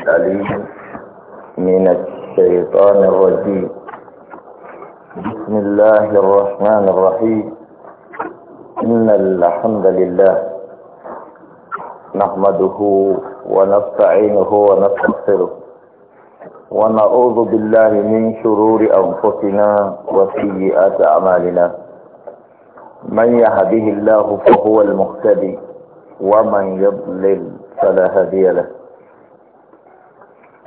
الأليم من الشيطان الرجيم بسم الله الرحمن الرحيم إن الحمد لله نحمده ونستعينه ونستغفره ونعوذ بالله من شرور أنفسنا وسيئات أعمالنا من يهده الله فهو المهتدي ومن يضلل فلا هدي له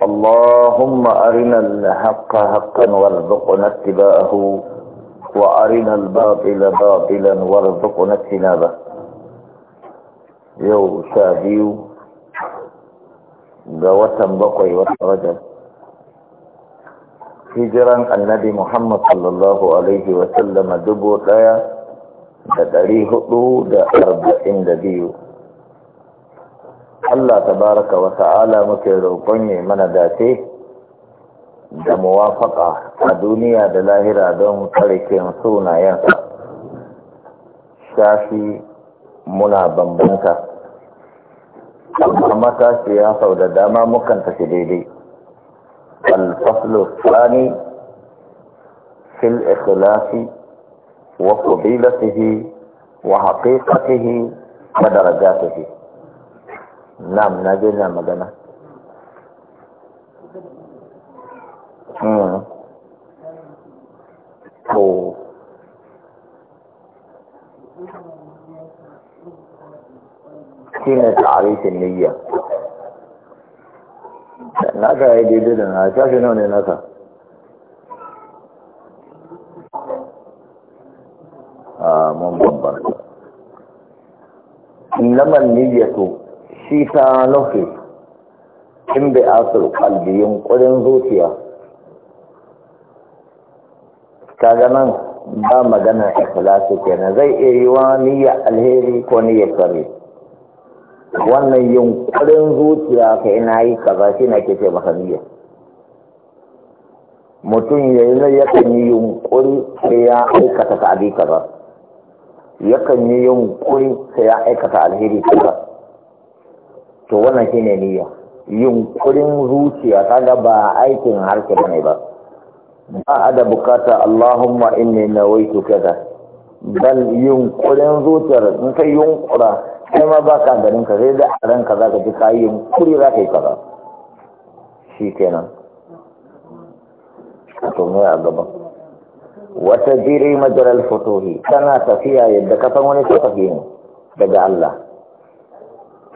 اللهم أرنا الحق حقا وارزقنا اتباعه وأرنا الباطل باطلا وارزقنا اجتنابه يو شاديو دوتا بقي وسرجا في جران النبي محمد صلى الله عليه وسلم دبو تايا دا تاريخ دو دا أربعين دا Allah tabaraka wa ta'ala muke roƙon ya mana dace da muwafaka a duniya da lahira don tsarkin sunayensa shafi muna bambanta amma ya sau da dama mukan tafi daidai alfaslu tsani fil ikhlasi wa fadilatihi wa haqiqatihi wa darajatihi nam na je na magana hmm. to shi ne tarihin niyya na ka yi daidai da na shafi nawa ne naka a ah, mun bambanta innaman niyyatu shi ta nufi in bi asir kalbi yunkurin zuciya kaga nan ba a ikhlasu kenan zai iya yi wa niyya alheri ko niyya kare wannan yunkurin zuciya ka ina yi kaza shi na ke ce masa niyya mutum ya yi yakan yi yunkuri sai ya aikata ta'adi kaza yakan yi yunkuri sai ya aikata alheri kaza to wannan shine niyya yunkurin zuciya kaga ba aikin harshe bane ba ba a da bukata Allahumma inni nawaitu kaza bal yunkurin zuciyar in ka yunkura kai ma ba ka ganin ka da a ranka za ka ji ka yunkuri za ka yi kaza shi kenan a a gaban wata jiri majalar fotohi tana tafiya yadda kasan wani tafafi daga Allah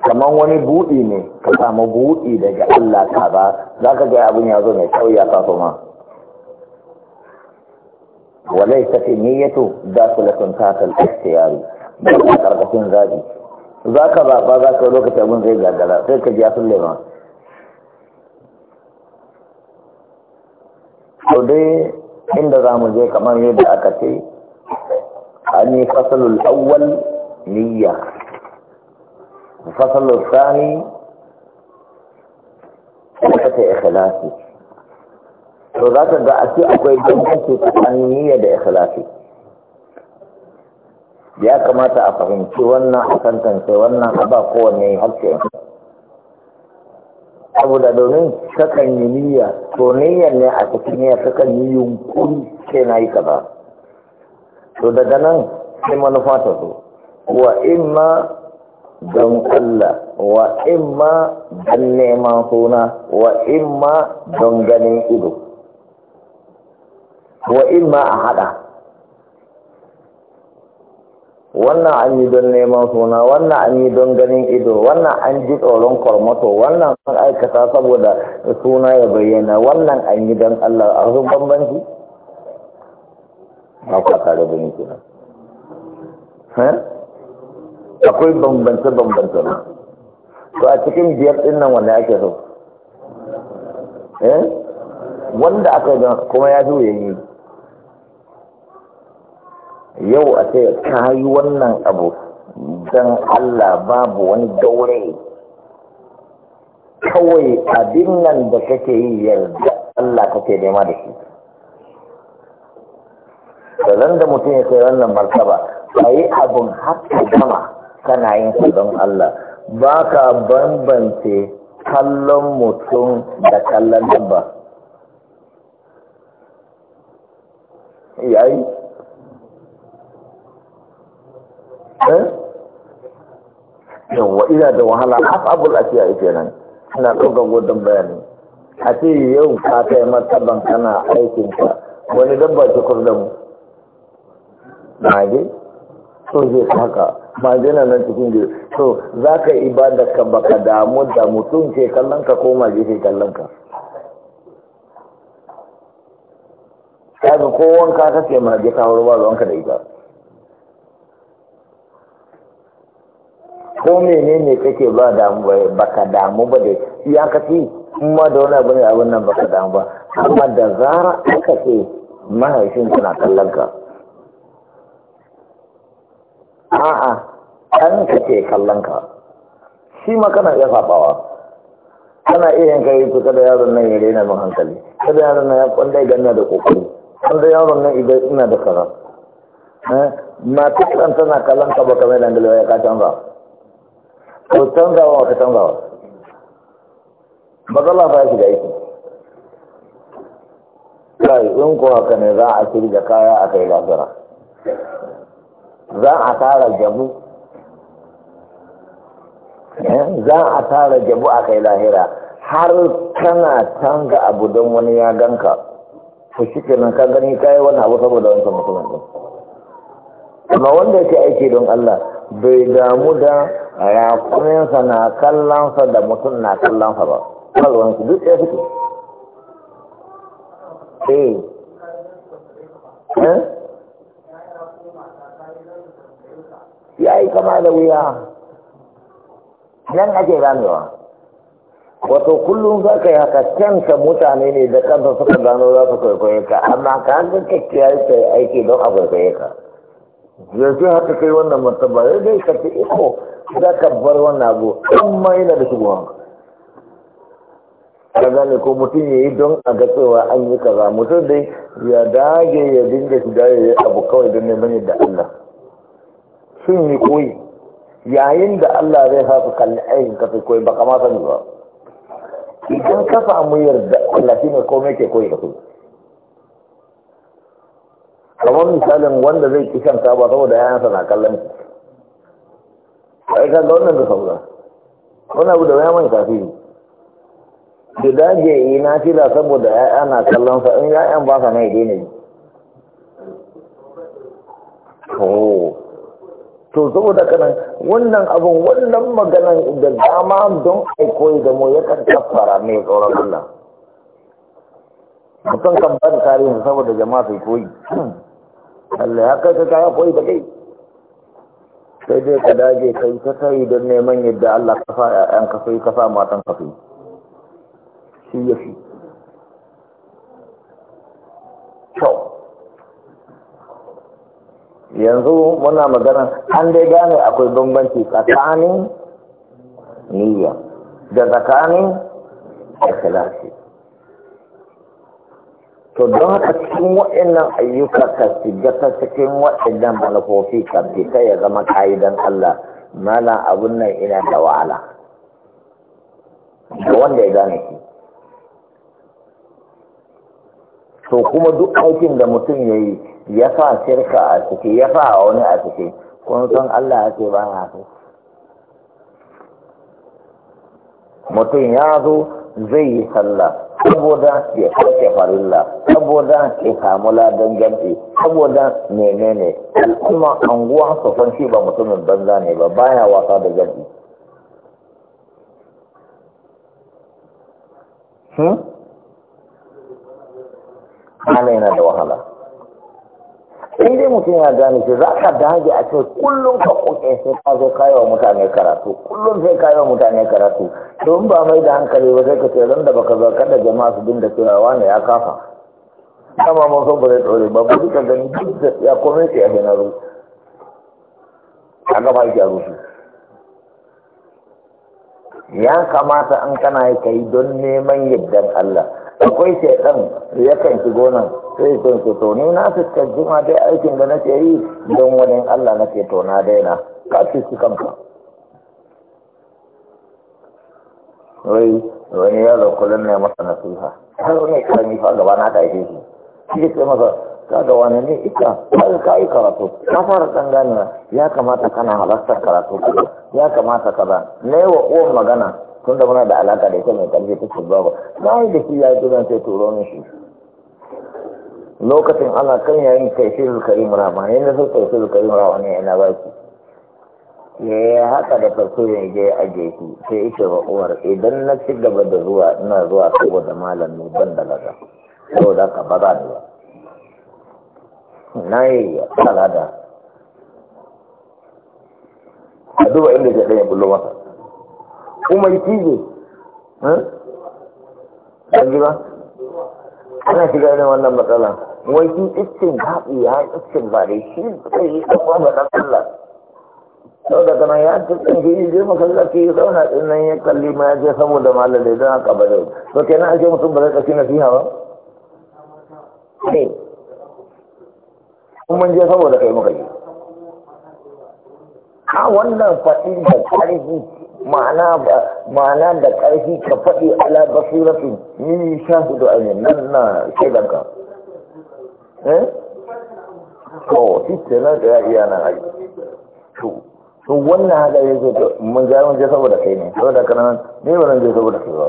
kamar wani buɗi ne ka samu buɗi daga Allah ta ba za ka ga abin ya zo mai kauya ya kaso ma walai ta fi niyyatu za su lakin takal ikhtiyari ba ka karkashin zabi za ka ba ba za ka lokaci abin zai gagara sai ka ji sun lema to dai inda za mu je kamar yadda aka ce an yi fasalul awwal niyya الفصل الثاني صفة إخلاصي وذات الدعسي أكوي جمعتي تقنية بإخلاصي ya kamata a fahimci wannan a tantance wannan a ba kowanne harshe saboda domin sakan yi niyya to niyyar ne a cikin niyya sakan yi yunkuri ce na yi kaza to daga nan sai manufa ta zo wa imma don Allah wa imma don neman suna wa imma don ganin ido wa imma a haɗa wannan an yi don neman suna wannan an yi don ganin ido wannan an ji tsoron kormato wannan an aikata saboda suna ya bayyana wannan an yi don Allah a su bambanci ba kwa tare da ni akwai bambance-bambance ba to a cikin biyar ɗinnan nan wanda ake so eh? wanda aka ga kuma ya zo yayi yau a ce ka yi wannan abu don Allah babu wani daure kawai abin nan da kake yi yarda Allah kake nema da shi da zan da mutum ya sai wannan martaba a yi abin haka gama kana yin sa don Allah ba ka bambance kallon mutum da kallon dabba yayi eh yawa ina da wahala asabul asiya kenan ina ɗauka gudun bayani a ce yau ka kai martaban kana aikin aikinka wani dabba ce kurdan da na mage so haka jina nan cikin gida to za ka ibada ka baka damu da mutum ke kallon ka ko maje ke kallon ka kaga ko wanka kake maje ka hau ruwa ruwanka da ita ko menene kake ba damu baka damu ba da ka in kuma da wani abu ne abin nan baka damu ba amma da zara aka ce mahaifin na kallon ka a'a an ka ce kallon ka shi ma kana iya fafawa kana iya yin yi kusa da yaron nan ya rena min hankali kada yaron nan ya kwanda ya ganna da kokari kwanda yaron nan idan ina da kaza eh, mata kan tana kallon ka baka mai dangalewa ya ka canza ko wa ka wa. matsala fa ya shiga aiki kai in ko haka ne za a shirya kaya a kai gasara. za a tara jamu eh, za a tara jabu a kai lahira har kana tanga abu don wani ya ganka to shi kenan ka gani kayi wani abu saboda wancan mutumin din amma wanda ce aiki don Allah bai damu da rakuminsa na kallonsa da mutum na kallonsa ba su duk ya fito ya yi kama da wuya nan ake ramewa wato kullum za ka yi haka ka mutane ne da kanta suka gano za su kwaikwaye ka amma ka ga kyakkyar ta yi aiki don a kwaikwaye ka yanzu haka kai wannan martaba ya dai ka iko za ka bar wannan abu amma yana da shigowa ka gane ko mutum ya yi don a ga cewa an yi kaza mutum dai ya dage ya dinga shiga ya yi abu kawai don neman yadda Allah sun yi koyi yayin da Allah zai sa su kalli ayin ka koyi ba kama sani ba idan ka samu yarda Allah shi ne komai ke koyi da su kamar misalin wanda zai ki shan ba saboda yayansa na kallon ki ai ka ga wannan da saura wani abu da ya man ne. ki dage ina fila saboda ya'ya na kallon sa in ya'yan ba sa mai daina ji oh. to saboda kanan wannan abun wannan maganan da dama don aiko da mu yakan tafara mai tsoron Allah mutum kan ba da tarihin saboda jama'a sai koyi Allah ya kai ka kaya koyi da kai sai dai ka dage kai ta kai don neman yadda Allah ka sa ƴaƴan ka sai ka sa matan ka sai shi ya fi kyau yanzu muna magana an dai gane akwai bambanci tsakanin niyya da tsakanin ikhlasi to don haka cikin wa'annan ayyuka ka shiga ta cikin wa'annan manufofi ka fita ya zama ka'idan Allah mala abun nan ina da wahala da wanda ya gane shi to kuma duk aikin da mutum ya yi ya sa shirka a ciki ya sa wani a ciki kun san Allah ya ce ba ya so mutum ya zo zai yi sallah saboda ya kake farilla saboda ya samu ladan jamfi saboda menene kuma anguwa su san shi ba mutumin banza ne ba baya wasa da jamfi Hmm? Ana yana da wahala. in dai mutum ya gane shi za ka dage a ce kullum ka kuke sai ka zo kayo wa mutane karatu kullum sai kayo wa mutane karatu don ba mai da hankali ba sai ka ce ran da baka zo kada jama'a su dinga cewa wane ya kafa kama mun san ba zai tsore ba ba duka gani duk da ya kome sai a hinaru a gaba yake a ya kamata an kana yi kai don neman yaddan Allah akwai shaitan kan ci gona. sai sun ce to ni na fuskanci ma dai aikin da nake yi don wani Allah nake to na daina ka ci shi kanka wai wani yaro kullum ne masa nasiha har wani karami fa gaba na ta shi shi ke masa Ka ga wani ne ita har ka yi karatu ka fara dan ganewa ya kamata kana halartar karatu ya kamata ka na. ne wa uwan magana tun da muna da alaka da ita mai karfi ta babu na yi da shi ya yi tunan sai turo min shi lokacin ana kan yayin kai shi zulkarim rama ne na so kai shi zulkarim rama ne yana ba shi ya yi haka da farko ya je a gefe sai ita ba uwar idan na ci gaba da zuwa ina zuwa saboda malam ne ban da ko saboda ka ba za ni ba na yi alada a duba inda ke ɗaya bullo masa umarci ne ɗanji ba ana shiga irin wannan matsala wai shi iskin baɗi ya iskin baɗi shi zai yi ɗan kwamba ɗan Allah sau da kana ya ci ɗan shi je masallaci ya zauna ɗin nan ya kalli ma ya je saboda malalai don haka ba da to kenan an ake mutum ba zai ɗauki nasiha ba kuma je saboda kai muka yi a wannan faɗin da ƙarfi ma'ana da ƙarfi ka faɗi ala basiratu ni shahidu ainihin nan na shaidanka eh to shi ce nan da iya nan ai to to wannan haka ya zo to mun ja mun je saboda kai ne saboda kana nan ne ba nan je saboda kai ba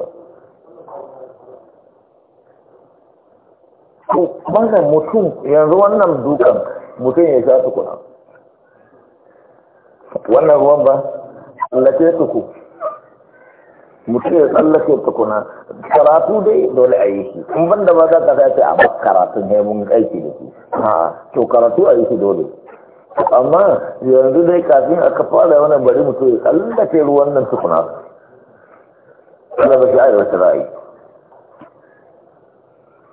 to wannan mutum yanzu wannan dukan mutum ya sha tukuna wannan ruwan ba tsallake tuku mutum ya tsallake tukuna karatu dai dole a yi shi in da ba za ka sai a ba karatu ne mun aiki da shi ha to karatu a yi shi dole amma yanzu dai kafin aka fara wani bari mutum ya tsallake ruwan nan tukuna Allah ba shi a yi wata ra'ayi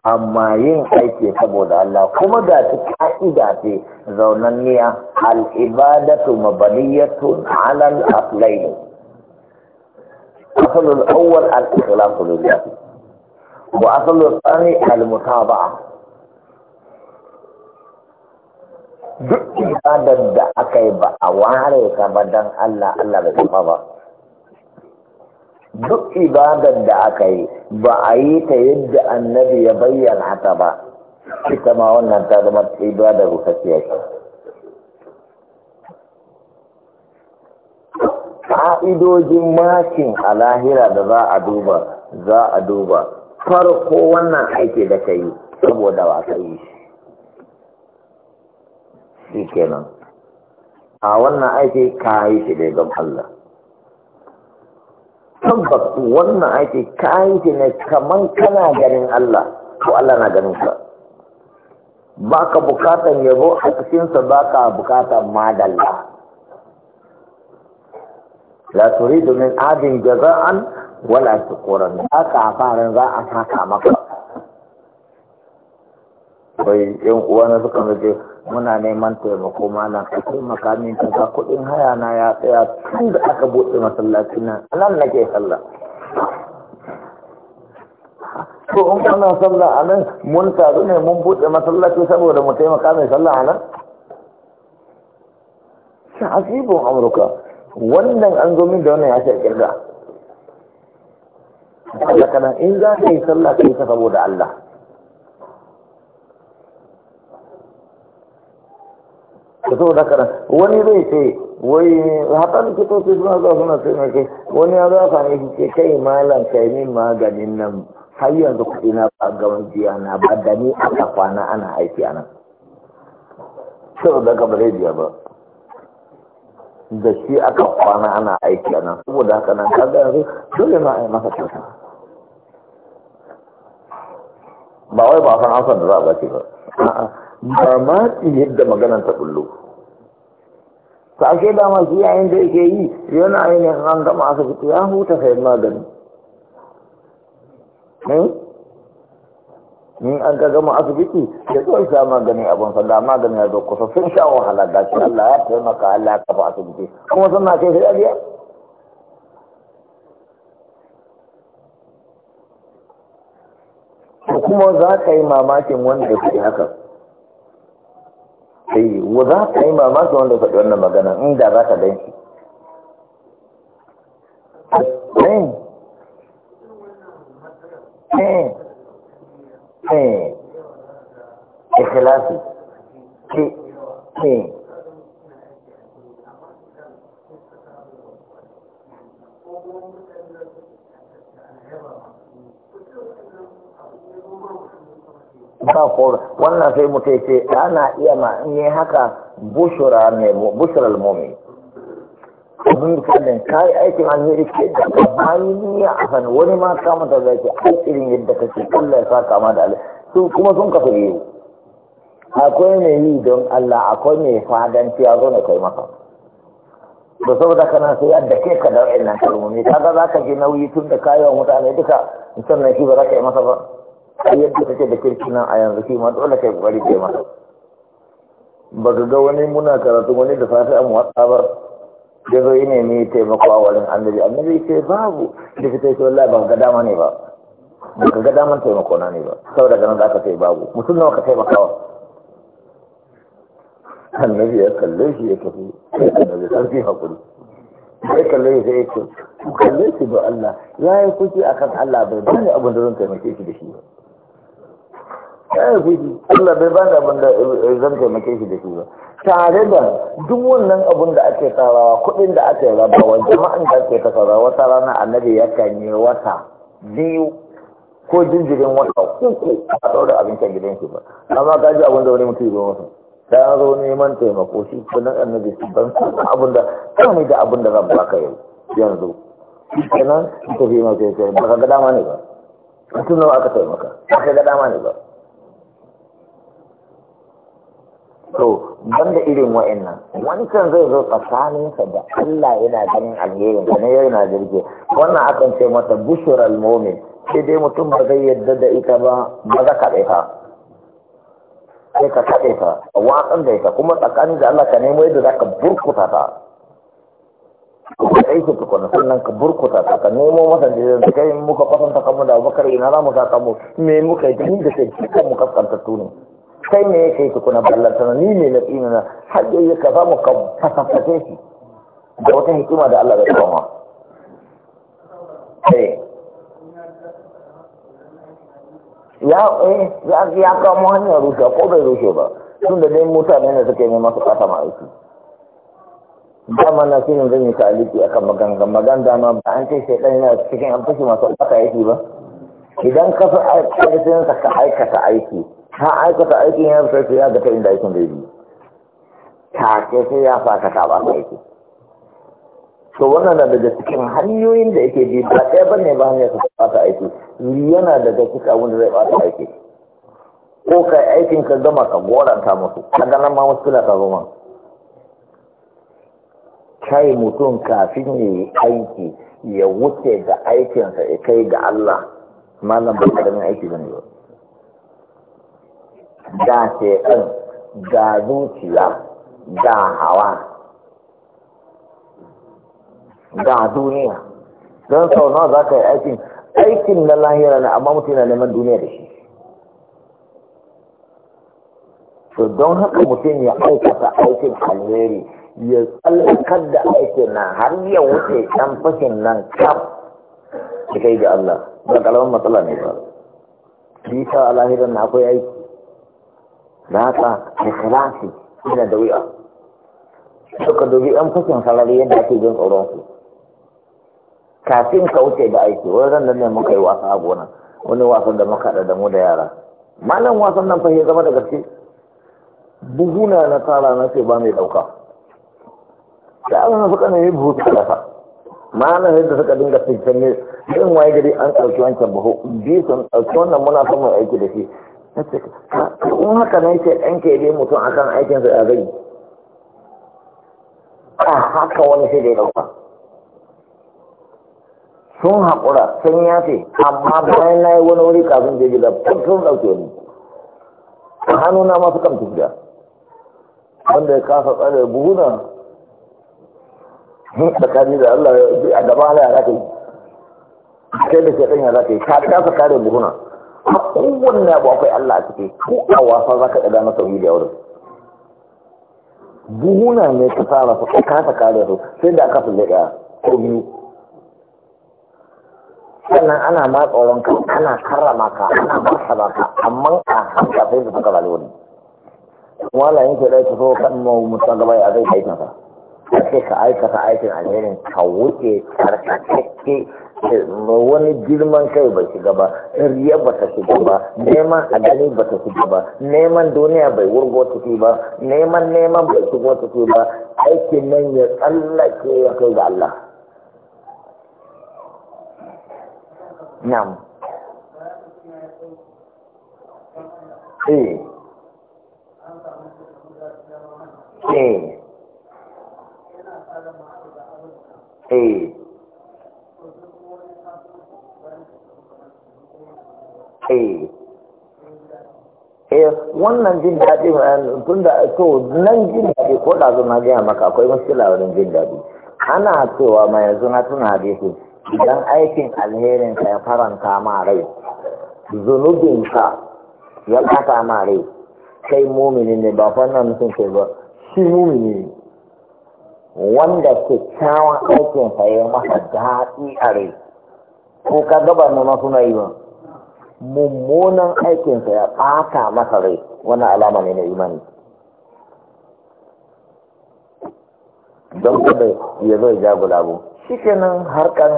amma yin aiki saboda Allah kuma ga ta ka'ida ce zaunanniya al'ibadatu mabaniyatun alal aslaini asalul awwal al-ikhlas lillah wa asalul thani al-mutaba'a duk ibadar da aka yi ba a ware ka ba dan Allah Allah bai kuma ba duk ibadar da aka yi ba a yi ta yadda annabi ya bayyana ta ba ita ma wannan ta zama da rukaciya ce ƙa'idojin makin a lahira da za a duba za a duba farko wannan aiki da ka yi saboda ba ka yi shi kenan a wannan aiki ka yi shi don Allah tabbas wannan aiki kayan shi ne kamar kana ganin Allah ko Allah na ganin ka ba ka bukatan yabo a cikinsa ba ka bukatan madalla la turidu min adin jaza'an wala shukuran ba ka farin za a saka maka bai yan uwa na suka nake muna neman taimako malam a taimaka min kaza kuɗin haya na ya tsaya tun da aka buɗe masallaci nan nan nake sallah to in kana sallah a nan mun taru ne mun buɗe masallaci saboda mu taimaka mai sallah a nan asibin amurka wannan an zo min da wannan ya ce kirga Allah kana in za ka yi sallah ka yi ta saboda Allah da saboda haka wani zai ce wai hata likitoci suna zuwa suna taimake wani ya zuwa sami shi ce kai malam kai min maganin nan har yanzu kuɗi na ba gaban jiya na ba da ni aka kwana ana aiki a nan sau da ka bare biya ba da shi aka kwana ana aiki a nan saboda haka nan ka yanzu dole ma a yi masa kyauta ba wai ba san amsar da za a bace ba mamaki yadda maganan ta bullo ta ake dama shi yayin da yake yi yana ainihin an gama asibiti ya huta sayan magani eh? in an ka gama asibiti ya zo sha magani abin sanda magani ya zo kusa sun sha wahala ga shi Allah ya taimaka Allah ya kafa asibiti kuma suna kai sai kuma za ka yi mamakin wanda ya fi haka sai eh, wa za ka yi mamaki wanda faɗi wannan magana inda za ka gan eh, eh, ke ke. ba ko wannan sai mutai ce ana iya ma yi haka bushura ne bushura al-mu'min abin kallon kayi aikin alheri ke da bayan niyya a san wani ma kama da ke ai irin yadda kake Allah ya sa kama da sun kuma sun kafa yiwu akwai mai yi don Allah akwai mai fadanci ya zo ne kai maka da saboda kana sai yadda ke ka da wa'annan kalmomi kaga zaka ji nauyi tun da kayan mutane duka sannan shi ba za ka yi masa ba a yadda take da kirki nan a yanzu shi ma dole kai kokari ke masa ba ka ga wani muna karatu wani da safe an watsa ba ya zo yi taimako a wani annabi annabi ce babu da ka ce wallahi ba ga dama ne ba ba ka ga daman taimako na ne ba saboda ganin da aka ce babu mutum nawa ka taimakawa annabi ya kalle shi ya tafi annabi sarki hakuri bai kalle sai yake kalle shi da Allah ya yi kuki akan Allah bai bani abin da zan taimake shi da shi ba ya yi kuki Allah bai bani abin da zan taimake shi da shi ba tare da duk wannan abin da ake tsarawa kuɗin da ake rabawa jama'an da ake tsarawa wata rana annabi ya kanye wata biyu ko jinjirin wata uku a ɗaura abincin gidan shi ba amma ka ji abin da wani mutum ya zo masa ta zo neman taimako shi kullum annabi su ban san abin da kan da abin da zan baka yau yanzu kenan ita fi mai kai ba ka ga dama ne ba mutum nawa aka taimaka ba ka ga dama ne ba to banda irin wa'annan kan zai zo sa da Allah yana ganin alherin ka ne yana jirge wannan akan ce mata bushural mu'min sai dai mutum ba zai yadda da ita ba ba za ka ɗaya sai ka kaɗe ta a watsar da ita kuma tsakanin da Allah ka nemo yadda za ka burkuta ta ka kai shi tukuna sannan ka burkuta ta ka nemo masa da kai muka kwatanta kamu da abubakar ina za mu sa kamu me muka yi tun da sai cikin mu kaskanta tuni kai ne yake kai tukuna ballanta ni ne na tsina na har yayi ka za mu ka fasafafe shi da wata hikima da Allah zai kama. Eh. ya eh ya kamo hanyar rushe ko bai rushe ba tun da dai mutane da suke neman su kasa ma aiki dama na shirin zan yi taliki a kan maganga magan dama ba an ce shaidan yana cikin an fushi masu ɓata aiki ba idan ka fi aikata ka aikata aiki ha aikata aikin ya fi sai ya ga ta inda aikin zai bi ke sai ya sa ka ta aiki to wannan na daga cikin hanyoyin da yake bi ba ɗaya ba ne ba hanyar su ɓata aiki yana daga cikin abin da zai ɓata aiki ko ka aikin ka gama ka goranta musu ka ga ma wasu ka goma kai mutum kafin ya yi aiki ya wuce ga aikinsa ya kai ga Allah malam ba ƙaramin aiki ba ne ba ga shekan ga zuciya ga hawa ga duniya don sau nawa za ka yi aikin aikin na lahira na amma mutum yana neman duniya da shi to don haka mutum ya aikata aikin alheri ya tsallakar da aikin nan har ya wuce ɗan fashin nan kaf da kai ga Allah ba kalaman matsala ne ba shi sa a lahiran na akwai aiki da ka ikhlasi yana da wuya suka dubi ɗan fashin salari yadda ake jin tsoron su kafin ka wuce da aiki ran da ne muka yi wasan a gonan wani wasan da muka da mu da yara malam wasan nan fahimta zama da gaske buhuna na tara na ce ba mai ɗauka da an na suka nemi buhu ta kasa malam yadda suka dinga cikin ne yin waye gari an ɗauki wancan buhu biyu sun ɗauki wannan muna son mu aiki da shi in haka nan ce ɗan ke bi mutum akan aikinsa ya zai a haka wani shi da ya ɗauka sun haƙura sun yafe amma bayan na yi wani wuri kafin je gida sun ɗauke ni hannuna masu kan tafiya wanda ya kasa tsare buhuna hmm, tsakani da Allah a gaba halaya za ka yi kai da shaɗan ya ka yi ka kasa kare buhuna a kowanne abu akwai Allah a ciki ko a wasa ka ɗaga na sauyi da yawon buhuna ne ka tsara su ka kasa kare su sai da aka fi ɗaya ko biyu sannan ana ma tsoron ka ana karrama ka ana marhaba ka amma a hanta sai da suka bali wani wala yake da ta so kan mu gaba ya zai aikin ka sai ka aikata aikin alherin ka wuce karkatakke wani girman kai bai shiga ba riya ba ta shiga ba neman adani ba ta shiga ba neman duniya bai wurgo tafi ba neman neman bai shigo tafi ba aikin nan ya tsallake ya kai ga Allah Na'am. Eh. Eh. Eh. Eh. wannan jin daɗi eh, tun da to nan jin daɗi ko da zo na gaya maka akwai maskila wurin jin daɗi ana cewa mai yanzu na tuna hadisi idan aikin alherin ya faranta ma rai zunubin ya ɓata ma rai kai mumini ne ba fannan mutum kai ba shi mumini ne wanda kyakkyawan aikin ka ya masa daɗi a rai ko ka gaba na suna yi ba mummunan aikinsa ya ɓata masa rai wani alama ne na imani don kada ya zo ya jagula bu shi kenan harkar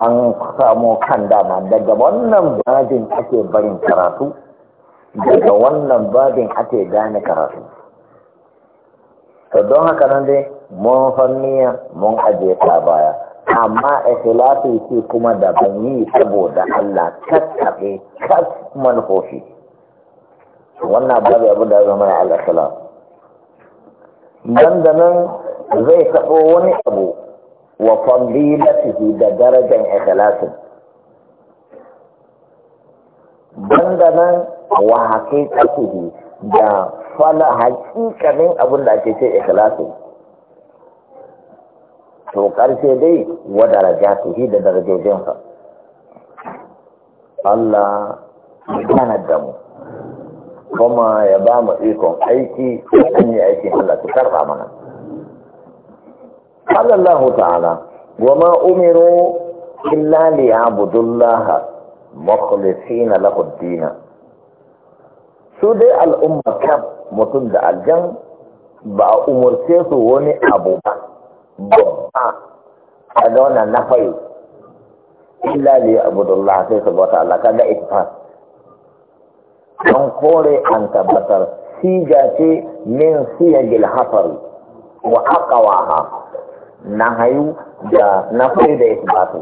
an samu kan dama daga wannan babin ake barin karatu daga wannan bajin ake gane karatu to don haka nan dai mun fanniya mun aje ta baya amma ikhlasi ce kuma da ban yi saboda Allah kakkaɓe kas manufofi wannan babu abu da zama Allah salam dan da zai taɓo wani abu wa fadilatihi da darajar ikhlasin banda nan wa haqiqatihi da fala haqiqanin abun da ake ce ikhlasin to karshe dai wa darajatihi da darajojinsa Allah yana da mu kuma ya ba mu ikon aiki an yi aiki Allah su karba mana قال الله تعالى وما أمروا إلا ليعبدوا الله مخلصين له الدين سودة الأمة كم متند الجن ba umarce su wani abu ba babba a da wannan na fayi illa li sai su bauta Allah kaga ittifaq an kore an tabbatar siga ce min siya gilhafar wa aqwaha na hayu da na fari da ya ba su.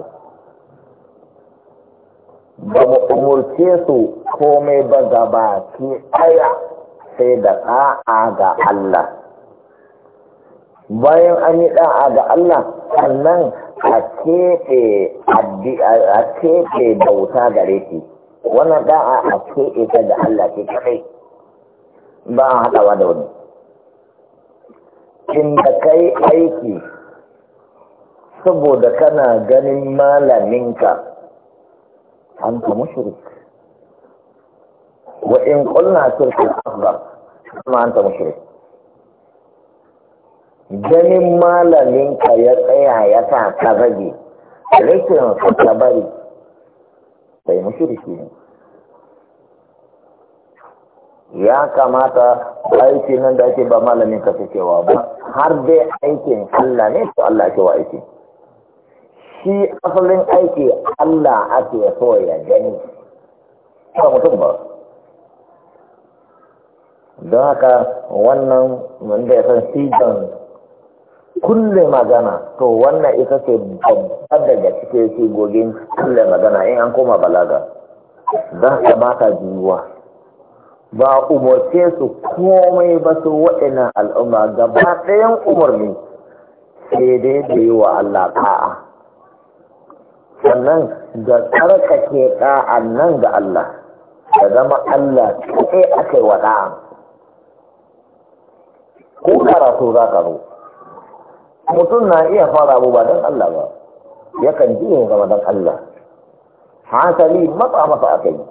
Ba mu umurce su komai ba gaba ki aya sai da ɗa'a ga Allah bayan an yi ɗa'a ga Allah sannan a keɓe bauta gare shi wannan ɗa'a a keɓe ta da Allah ke kadai ba a haɗawa da wani in da kai aiki saboda kana ganin malaminka an ta mushrik wa in qulna shirku akbar kuma an ta mushrik ganin malaminka ya tsaya ya ta ka rage rikin ka bari sai mushriki ne ya kamata aiki nan da ake ba malamin ka cewa ba har dai aikin Allah ne to Allah ke wa aikin shi asalin aiki Allah ake so ya gani ba mutum ba don haka wannan wanda ya san sijan kulle magana to wannan ita ce babbar daga cikin sigogin kulle magana in an koma balaga za haka ba ka juyuwa ba umarce su komai ba su waɗannan al'umma gaba ɗayan umarni sai dai da yi wa Allah ka'a sannan ga ke ɗa'an nan ga Allah da zama Allah kaɗai aka yi wa ɗa'an ko karatu za ka zo mutum na iya fara abu ba don Allah ba yakan ji yin zama don Allah hasali matsa masa aka yi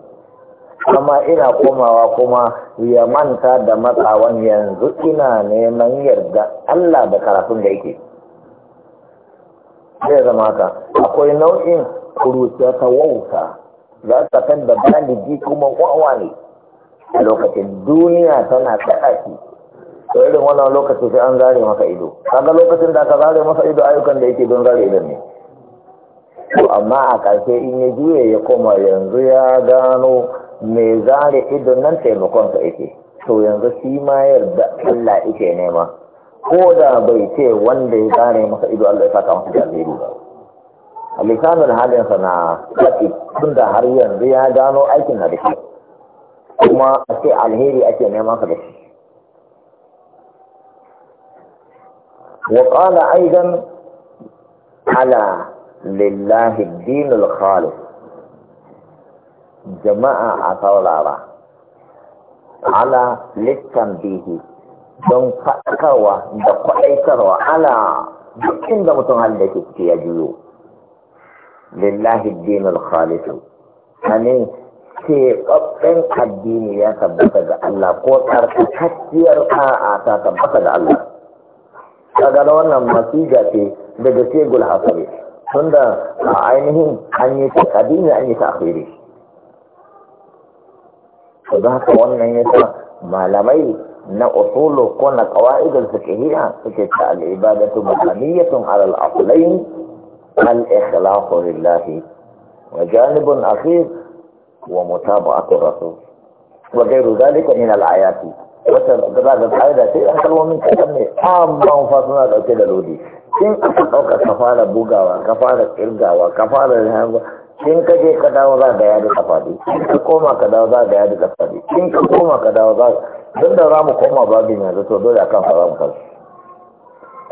amma ina komawa kuma ya manta da matsawan yanzu ina neman yarda Allah da karatun da yake. zai zama ka akwai nau'in kuruciya ta wauta za ta san da baligi kuma kwawa ne a lokacin duniya tana kaɗa shi to irin wannan lokacin sai an zare maka ido kaga lokacin da aka zare masa ido ayyukan da yake don zare idan ne to amma a ƙarshe in ya juye ya koma yanzu ya gano mai zare idon nan taimakon sa yake to yanzu shi ma yarda Allah yake nema ko da bai ce wanda ya gane masa ido Allah ya saka masa da alheri ba alisanin halinsa na kafi tun da har yanzu ya gano aikin na da shi kuma a ce alheri ake neman sa da shi ala lillahi dinul لله Jama'a a saurara. Ala littan bihi. don faɗakarwa da kwaɗaitarwa ala duk inda mutum halda ke ya juyo lillahi dinul khalisu hannun ke ɓaɓɓen addini ya tabbata ga Allah ko tsarkakakkiyar a'a ta tabbata ga Allah kaga da wannan masija ce daga tegul hasari tunda a ainihin an yi ta addini an yi ta akhiri to haka wannan yasa malamai na usulu ko na qawaidul fiqhiyya suke ta al-ibadatu madaniyatun ala al-aqlayn al-ikhlaq lillah wa janibun akhir wa mutaba'atu rasul wa ghayru dhalika min al-ayati wata gaba da qaida sai an kalmomin kadan ne amma fa suna dauke da lodi in aka dauka ka fara bugawa ka fara kirgawa ka fara in ka je ka dawo za da yadda tafadi in ka koma ka dawo za da yadda tafadi in ka koma ka dawo za don da za mu koma babin yanzu to dole akan fa za mu kashe.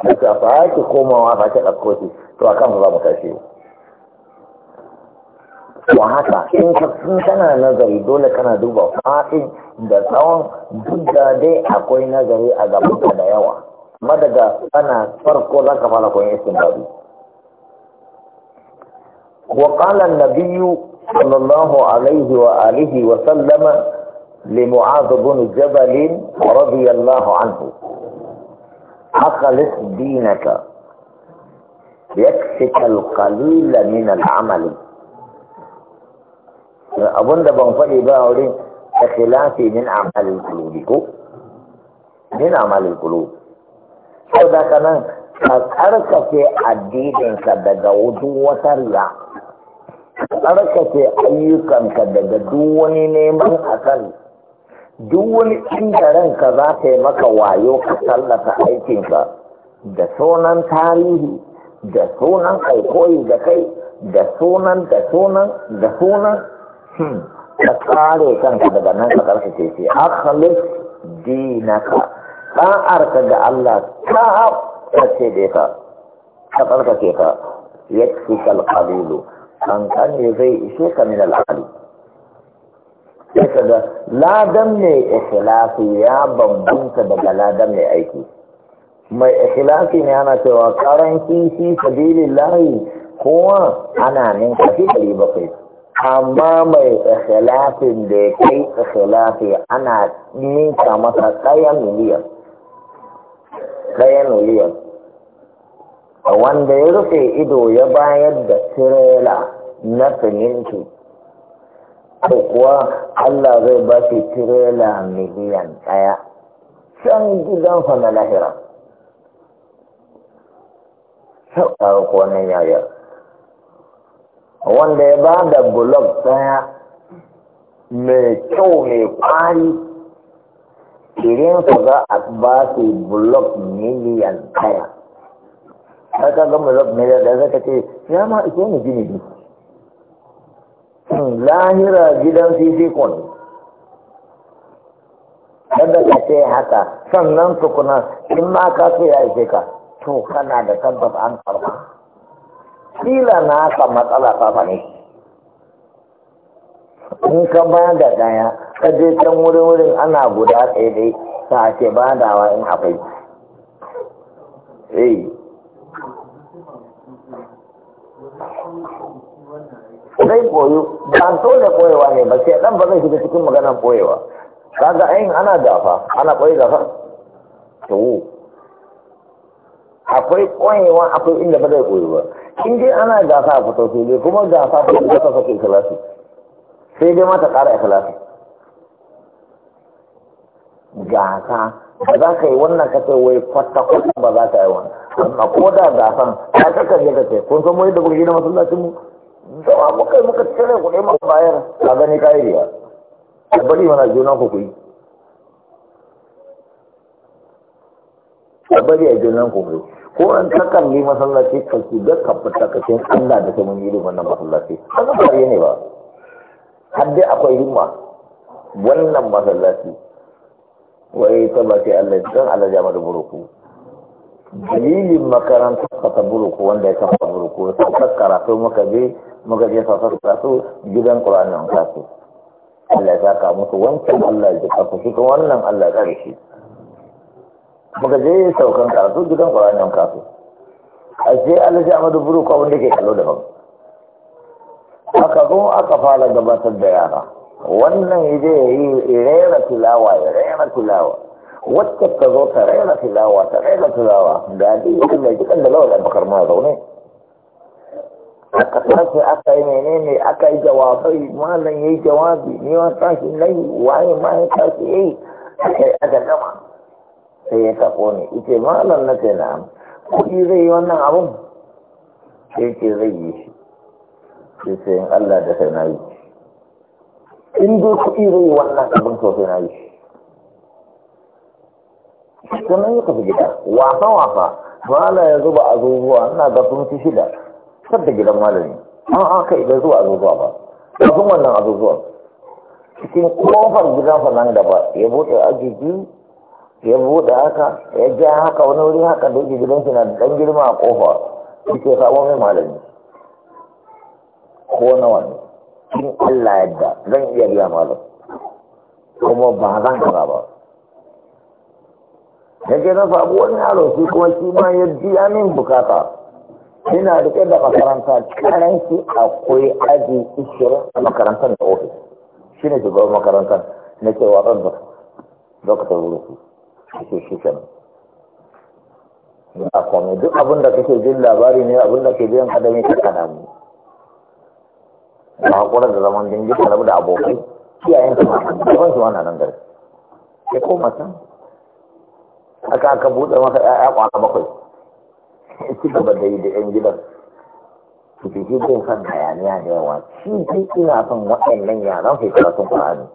da ka fa ki komawa ba ki ɗauko shi to akan fa za mu kashe. wa haka in ka kana nazari dole kana duba fa'in da tsawon duk da dai akwai nazari a gaban da yawa madaga ana farko za ka fara koyon babu وقال النبي صلى الله عليه وآله وسلم لمعاذ بن جبل رضي الله عنه أخلص دينك يكفك القليل من العمل abun da فلي باوري ba من أعمال khilafi من أعمال القلوب ko كان ka karkace addininka daga duk wata riya karkace ayyukanka daga duk wani neman asali duk wani inda ranka za ta yi maka wayo ka tallata aikinka da sunan tarihi da sunan aikoyi da kai da sunan da sunan da sunan hmm, ka tsare kanka daga nan ka karkace shi akhalis dinaka ɗa'arka ga Allah ta tsarkace da ta ka tsarkace ta ya fi kalkalilu kankan ne zai ishe ka min al'adu da ladan mai ikhlasi ya bambanta daga ladan mai aiki mai ikhlasi ne ana cewa karanci shi layi, kowa ana ninka shi ɗari bakwai amma mai ikhlasin da ya kai ikhlasi ana ninka masa ƙaya miliyan ɗaya miliyan wanda ya rufe ido ya bayar da tirela na siminti ko kuwa Allah zai ba shi tirela miliyan ɗaya can gidansa na lahira kuwa wanda ya ba da bulok ɗaya mai kyau mai kwari irinsa za a ba su blok miliyan kaya. har ka ga blok miliyan ɗaya zaka ce ya ma ike ne gini bi hmm, lahira gidan sisi kun wanda kada ka ce haka sannan tukuna in ma ka so ya ishe ka to kana da tabbas an karba kila na ka matsala ta ne in ka ba da ɗaya ka je can wurin wurin ana guda ɗaya dai ta ce ba dawa in akwai eh sai koyo ba tole koyewa ne ba sai dan ba zai shiga cikin maganar koyewa kaga ayin ana dafa ana koyi dafa to akwai koyewa akwai inda ba zai koyo ba in dai ana gasa a fito sai kuma gasa ba ta sake kalasi sai dai mata ƙara ikhlasi gasa ba za ka yi wannan ka wai kwata kwata ba za ka yi wannan amma ko da gasan ta kaka je ka ce kun san mu yadda kuka gina masallacin mu da ba muka yi muka cire kuɗi mu bayar ka gani ka yi riya bari mana juna ku kuyi A bari a juna ku kuyi ko an ta masallaci ka ki ga ka fita Allah da ta mun yi wannan masallaci haka ba ne ba hadde akwai himma wannan masallaci wai ta ba sai Allah dan Allah ya mada buruku dalilin makaranta ta buruku wanda ya kafa buruku sai karatu muka je muka je sa karatu gidan Qur'ani an kasu Allah ya ka mutu wancan Allah ya kafa shi kuma wannan Allah ya kare shi muka je saukan karatu gidan Qur'ani an kasu a sai Allah ya mada buruku wanda ke kallo ba. aka zo aka fara gabatar da yara wannan ya yi rera tilawa ya rera tilawa wacce ta zo ta rera tilawa ta rera tilawa da ake yi ji jikin da lawa da bakar ma zaune aka tashi aka yi menene aka yi jawabai malam ya yi jawabi "Ni wa tashi yi waye ma ya tashi yi aka yi aka gama sai ya tako ne ita malam na ce na kuɗi zai yi wannan abun sai ce zai yi shi sai sai in Allah da sai na yi in dai kuɗi zai yi wannan abin to sai na yi sannan ya tafi gida wasa wasa mala ya zuba zuwa ina ga sun fi shida sab da gidan malami an kai idan zuwa zuwa ba kafin wannan azuzuwan cikin kofar gidan da ba ya buɗe ajiyi ya buɗe haka ya ja haka wani wuri haka da yake gidan shi na dan girma a kofa cikin sabon mai malami ko nawa ne in Allah yadda zan iya biya malam kuma ba zan kaza ba yake na samu wani yaro shi kuma shi ma ya biya min bukata ina rike da makaranta karanci akwai aji ishirin a makarantar da ofis shi ne shugaban makarantar na cewa waɗan da dokta wurufu shi ke shi kenan ba kwanu duk abin da kake jin labari ne abin da ke biyan kadami ka kadamu ka hakura da zaman dangi ka rabu da abokai kiyayen su ma yawan su wannan nan gari ya koma can Aka aka buɗe masa 'ya'ya kwana bakwai ci gaba da yi da 'yan gidan su fi shi zai san hayaniya da yawa shi dai ina son waɗannan yaran fi karatun ƙur'ani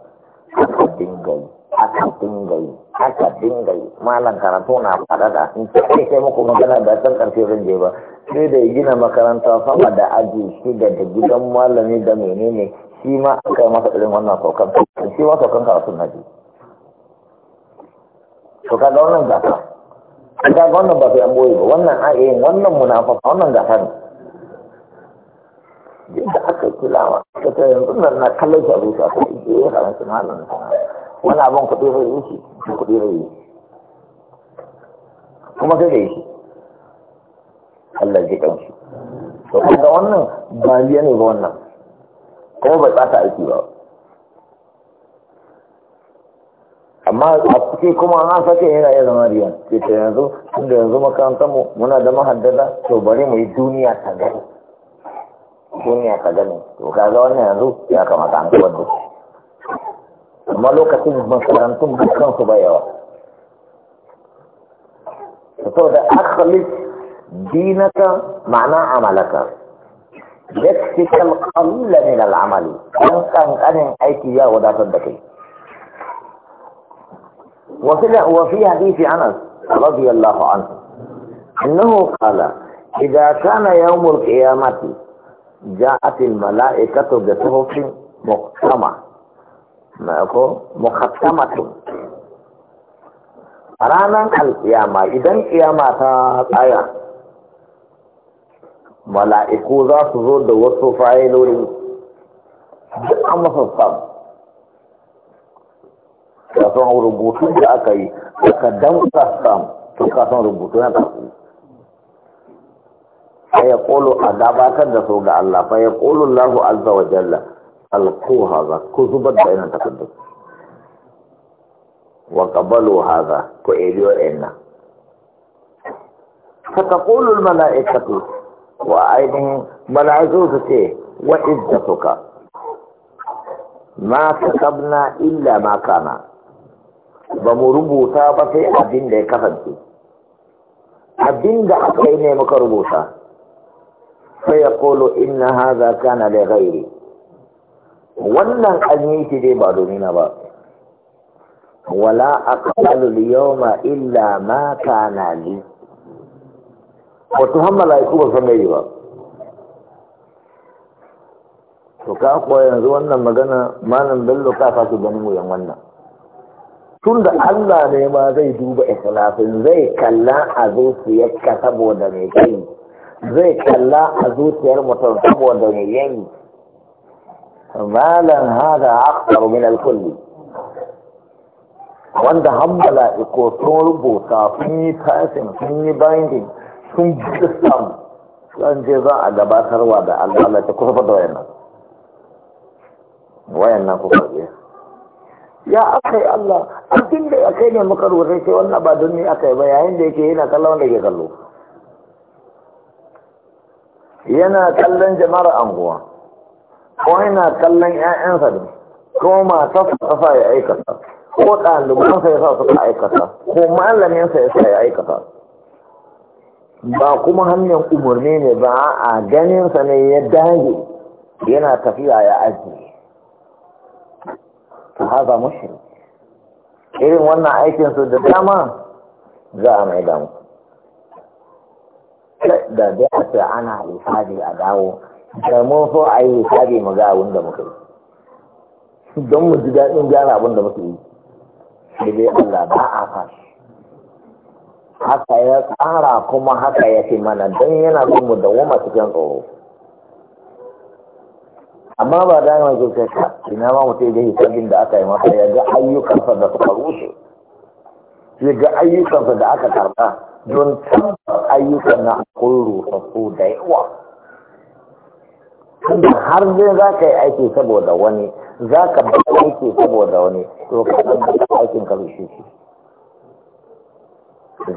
a kan dingayi aka dinga yi aka dinga yi malam karatu na fada da in ce ake kai muku magana da san karfe zan je ba sai da ya gina makaranta sama da aji shi da gidan malami da menene shi ma aka yi masa irin wannan saukan shi ma saukan karatu na ji to kaga wannan gasa ga wannan ba sai an boye ba wannan a'ayin eh, wannan munafafa wannan gasa ne yadda aka kulawa ka tsaye yanzu na kallon shi a zuciya ko in je ya karanta malam wani abin kuɗi zai yi shi shi kuɗi zai yi kuma kai da yi shi Allah ji shi to ga wannan ba biya ne ba wannan kuma bai tsata aiki ba amma a cikin kuma an sake yana iya zama riya ce ta yanzu tunda yanzu makarantar mu muna da mahaddada to bari mu yi duniya ta gani duniya ta gani to kaga wannan yanzu ya kamata an kawar da shi amma lokacin makarantun dukkan su ba yawa saboda akhlis dinaka ma'ana amalaka yaktikal qalila min al'amali dan kankanin aiki ya wadatar da kai وفي حديث أنس رضي الله عنه أنه قال إذا كان يوم القيامة جاءت الملائكة بصحف محكمة na ko mukhattamatu a ranar alƙiyama idan ƙiyama ta tsaya mala'iku za su zo da wasu fayiloli duk an musamman Ka son rubutu da aka yi aka damta sam suka son rubutu na tafi sai ya kolo a gabatar da su ga Allah fa ya kolo Allahu azza wa jalla alqu hadha ku zubar da inan takaddu wa qabalu hadha ku ainihin inna su ce وأيضا ملعزوزة suka. ما كتبنا إلا ما كان ba mu rubuta ba sai abin da ya kasance abin da aka yi ne muka rubuta sai ya kolo ina haza kana da gairi wannan an yi shi dai ba domin ba wala a al-yawma illa ma kana li wato han malaiku ba san yi ba to ka kuwa yanzu wannan magana malam bello ka fasu ganin wuyan wannan wannan da Allah ne ma zai duba islafin zai kalla a zuciyarka saboda mai kai zai kalla a zuciyar mutum saboda mai yayi malan hada akbar min alkulli wanda hambala iko sun rubuta sun yi tasin sun yi binding sun buɗe samu sun je za a gabatarwa da Allah ta kusa da wayannan wayannan ku karbe ya akai Allah abin da ya kai ne muka rubuta sai wannan ba don ne akai ba yayin da yake yana kallon da ke kallo yana kallon jama'ar anguwa ko yana kallon 'ya'yansa ne ko matarsa ta sa ya aikata ko ɗalibansa ya sa ka aikata ko malaminsa ya sa ya aikata ba kuma hanyar umarni ne ba a ganinsa ne ya dage yana tafiya ya aji ta haza mashi irin wannan aikinsu da dama za a mai damu da dai a ce ana alfadi a dawo da mun so a yi hisabi mu ga abin da muka yi don mu ji daɗin gyara abin da muka yi sai dai Allah ba a fashi haka ya tsara kuma haka ya fi mana don yana son mu dawoma cikin tsoro amma ba da yawan zuwa ka ina ma mutum da hisabin da aka yi masa ya ga ayyukansa da suka rushe ya ga ayyukansa da aka karɓa don canza ayyukan na akwai rusassu da yawa har zai za ka yi aiki saboda wani za ka ba aiki saboda wani to ka san aikin ka rushe shi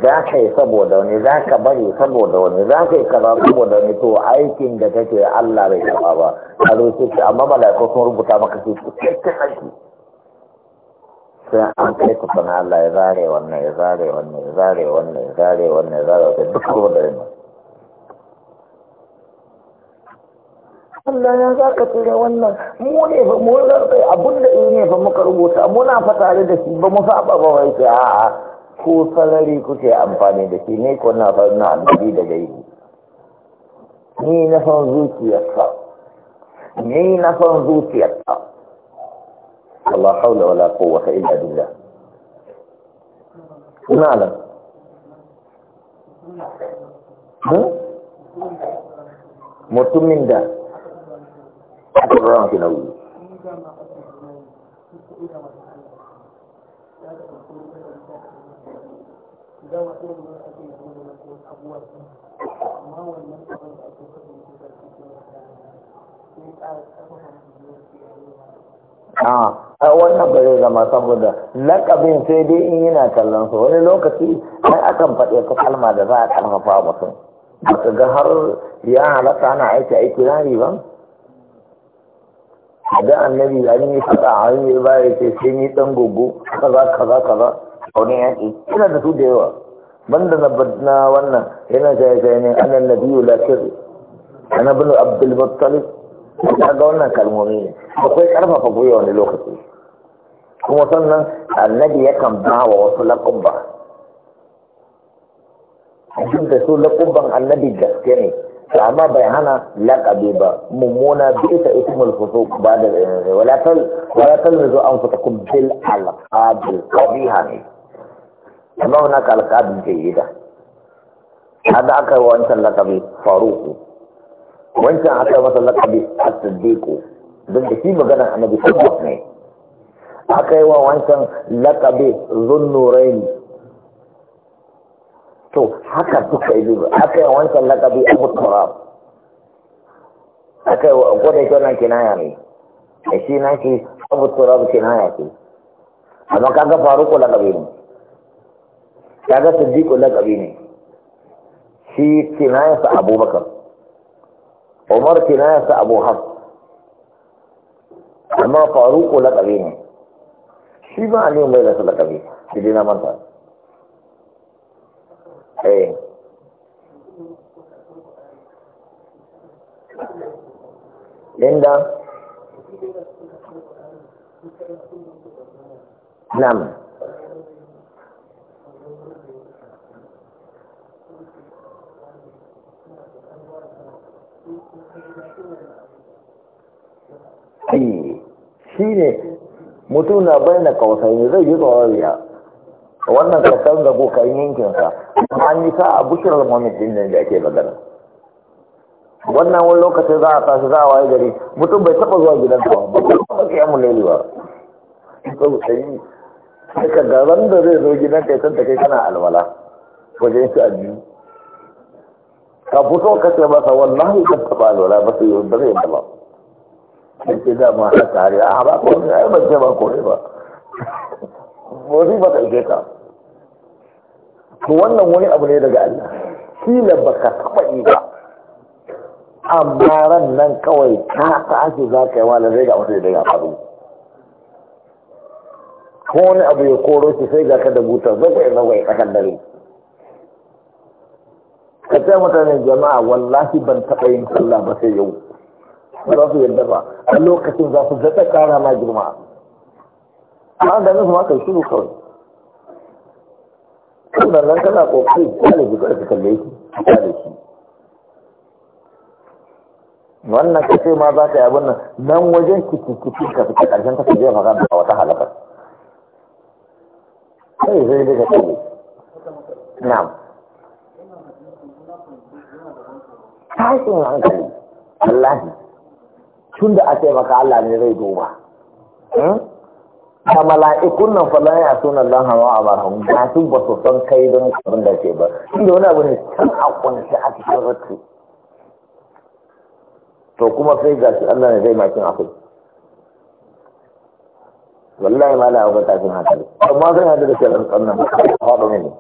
za ka yi saboda wani za ka bari saboda wani za ka yi kaza saboda wani to aikin da kake Allah bai karɓa ba a rushe shi amma mala'iku sun rubuta maka shi kai aiki sai an kai ku sana Allah ya zare wannan ya zare wannan ya zare wannan ya zare wannan ya zare wannan ya zare Allah ya za ka tura wannan mu ne fa mu zartsai abin da in ne fa muka rubuta muna fa tare da shi ba mu saba ba wai ce a'a ko salari kuke amfani da shi ne ko na fa na annabi da gaibi ni na san zuciyarsa ni na san zuciyarsa Allah haula wala quwwata illa billah ina nan hmm? mutumin da a ah, tsoron mafi nauyi a wannan ba zai zama saboda lakabin sai dai in yana kallon su wani lokaci ai akan faɗi ta kalma da za a ƙarfafa mutum ba ga har ya halatta ana aiki aiki na riban da annabi ya yi faɗa a yi ba ya ce sai ni ɗan gogo kaza kaza kaza wani yaƙi ina da su da yawa banda na wannan yana shaye shaye ne an na la kir ana bin abdul muttalib ga wannan kalmomi ne akwai karfafa gwiwa wani lokaci kuma sannan annabi yakan ba wa wasu a duk da su laƙubban annabi gaske ne amma bai hana laƙabi ba mummuna ta ismul fusuq ba da wala tal wala tal zo an fita kun bil a qabiha ne amma wannan alqabil ke yi da hada aka yi wancan laƙabi faruku wancan aka yi masa laƙabi as-siddiqu don da shi maganar annabi sallallahu ne aka yi wa wancan laƙabi zunnurai to haka suka yi zuba aka yi wancan lakabi abu turab aka yi wa kodai kyanan kinaya ne a shi na shi abu turab kinaya ce amma kaga ko lakabi ne kaga ko lakabi ne shi kinaya sa abubakar umar kinaya sa abu hafs amma ko lakabi ne shi ba a ne mai da su lakabi shi dina manta eh linda nam shi ne mutum na bayyana kawasai zai yi tsawariya wannan ka san yankin sa. yankinsa an yi sa a bushirar din ne da ake magana wannan wani lokacin za a tashi za a waye gari mutum bai taba zuwa gidan ba ba ko kuma ka yamu lele ba ko sai sai ka ga da zai zo gidan kai san ta kai kana alwala wajen shi a biyu ka fito ka ce masa wallahi ka taba alwala ba sai ba zai ba sai ce da ma ka tare a ba ko ne ai ban ce ba ko ne ba wani ba ta ike ka to wannan wani abu ne daga Allah kila baka taba yi ba amma ran nan kawai ka ake za ka yi malam zai ga mutu da ya faru ko wani abu ya koro shi sai ga ka da butar zagwai zagwai tsakan dare ka ce mutane jama'a wallahi ban taɓa yin sallah ba sai yau ba za su yadda ba a lokacin za su zata kara ma girma ba da nufin haka shiru kawai kuma nan kana kokari kyale shi kada ka kalle shi kyale shi wannan ka ce ma za ka yi abin nan nan wajen kikikiki ka fi ƙarshen ka je fa a wata halakar sai zai daga kyale na'am tashin hankali wallahi tun da a maka Allah ne zai duba hmm? fa mala'ikun nan fa na zan hawa wa amarhum da su ba su san kai don abin da ke ba inda wani abu ne can a kwanci a cikin rutu to kuma sai ga shi Allah ne zai makin akwai wallahi ma da abubuwa tafin hankali amma zai hadu da shirin tsannan haɗu ne ne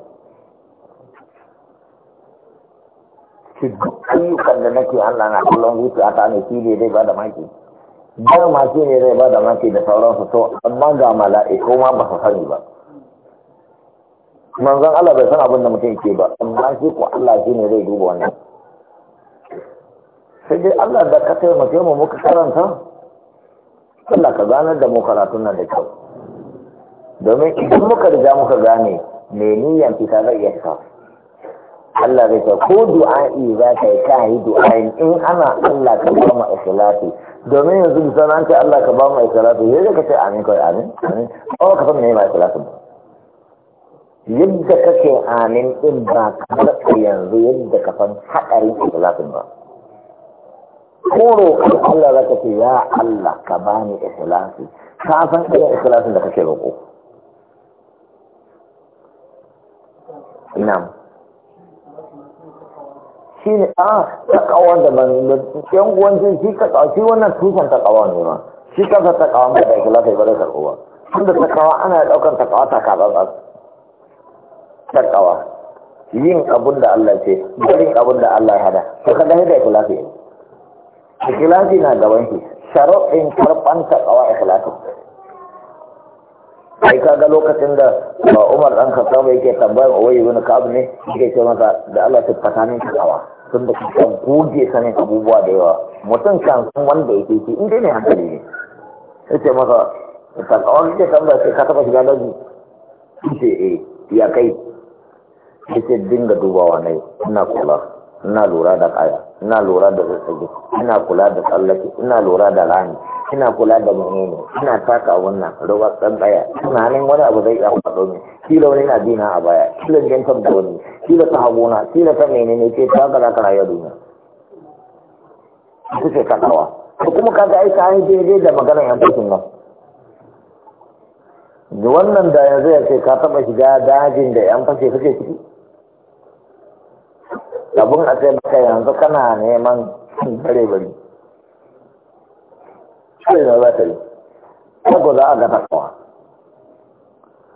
shi duk ayyukan da nake Allah na hutu a ta ne fili dai ba da maki bar shi ne zai ba da maki da sauransu to amma ga ko ma ba su sani ba manzon Allah bai san abin da mutum ke ba amma shi ko Allah shi ne zai duba wannan sai dai Allah da ka mutum mu muka karanta Allah ka ganar da mu karatun nan da kyau domin idan muka riga muka gane me niyan fita zai iya Allah zai ce ko du'a'i za ka yi ka yi du'a'i in ana Allah ka ba mu ikhlasi domin yanzu misali an ce Allah ka ba mu ikhlasi sai ka ce amin kai amin amin ko ka san me ba ikhlasi yadda kake amin din ba kamar yanzu yadda ka san hadarin ikhlasin ba ko roƙon Allah za ka ce ya Allah ka ba ni ikhlasi ka san irin ikhlasin da kake Ina mu. shi ne a ah, takawa daban da yan uwancin shi takawa shi wannan tushen takawa ne ma shi kansa takawa mai da ikilafai ba zai karɓo ba tun da takawa ana ɗaukar takawa ta katsatsa takawa yin abin da Allah ce garin abun da Allah ya hada to kada hada ikilafai ne ikilafai na gaban shi sharuɗin karɓan takawa ikilafai ai kaga lokacin da Umar dan Khattab yake tambayar Ubay ibn Ka'ab ne yake ce masa da Allah ta fata min kawa tun da kuka goge sanin abubuwa da yawa mutum kan san wanda yake ce inda ne hankali ne yace masa ta kawai yake tambaya sai ka taba shiga daji yace eh ya kai yace dinga dubawa nai ina kula ina lura da kaya ina lura da tsatsage ina kula da tsallake ina lura da rani ina kula da menene ina taka wannan ruwa tsan tsaya ina nan wani abu zai iya faɗo min kila wani na na a baya kila ta da wani kila ta na kila ta menene ce ta ga za ka rayu duniya ku ce kakawa ko kuma kaga ai ka an daidai da maganar yan fashin nan da wannan da yanzu ya ce ka taɓa shiga dajin da yan fashe kake ciki abun a sai maka yanzu kana neman bare bari sai na za ta yi ko za a ga takawa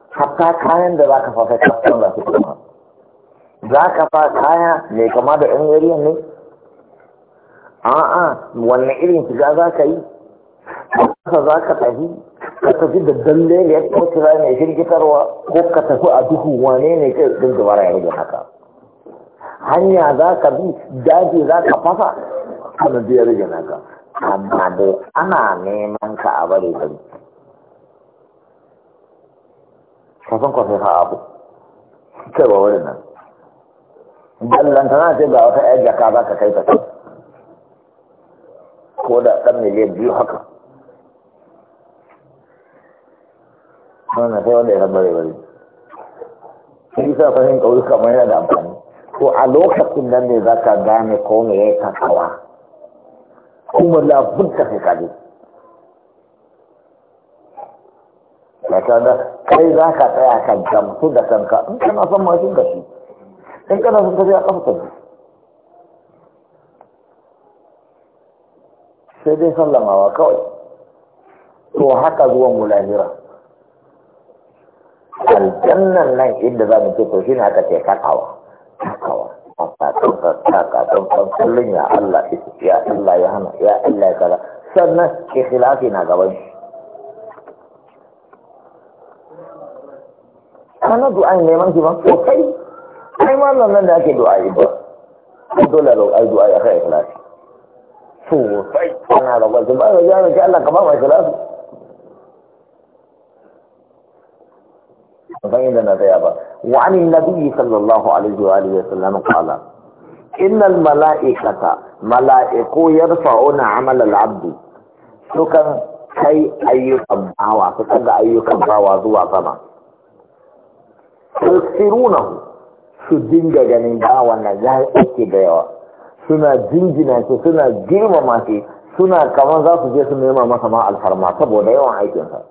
hatta kayan da za ka fasa kasuwan za su kuma za ka fa kaya mai kama da ɗan yariyan ne a'a wanne irin shiga za ka yi ka za ka tafi ka tafi da dalle ne ko kira mai shirgitarwa ko ka tafi a duhu wane ne kai ɗin dubara ya rage haka hanya za ka bi daji za ka fasa ana da ya rage naka amma dai ana neman ka a bare bari kasan kwafin ha abu kai ba wani nan ballantana ce ga wata yar jaka za ka kai ta kai ko da ɗan miliyan biyu haka wannan sai wanda ya rabare bari sai sa fahimta wuri kamar yana da amfani to a lokacin nan ne za ka gane kone ya yi kakawa kuma labun ta fi kaje kai za ka tsaya ka gamsu da kanka in kana son masu gashi, in kana son tafiya a kafin sai dai sallamawa kawai to haka zuwa mu lahira aljannan nan inda za mu ce to shi ne aka ce kakawa tsantsan taka tsantsan kullum ya Allah ya Allah ya hana ya Allah ya kaza sannan ikhlasi na gaban shi na du'a neman ki ba ko kai kai mallan nan da ake du'a ba dole ro ai du'a ya kai ikhlasi so sai kana da wajen ba ya ga Allah ka ba mai ikhlasi bayin da na tsaya ba wa anin nabi sallallahu alaihi wa alihi wa sallam qala innal mala'ikata mala'iku yarfa'una amalal abdi sukan kai ayyukan bawa sukan ga ayyukan bawa zuwa sama yusirunahu su dinga ganin bawa na ya ake da yawa suna jinjina shi suna girmama shi suna kamar za su je su nema masa ma alfarma saboda yawan aikinsa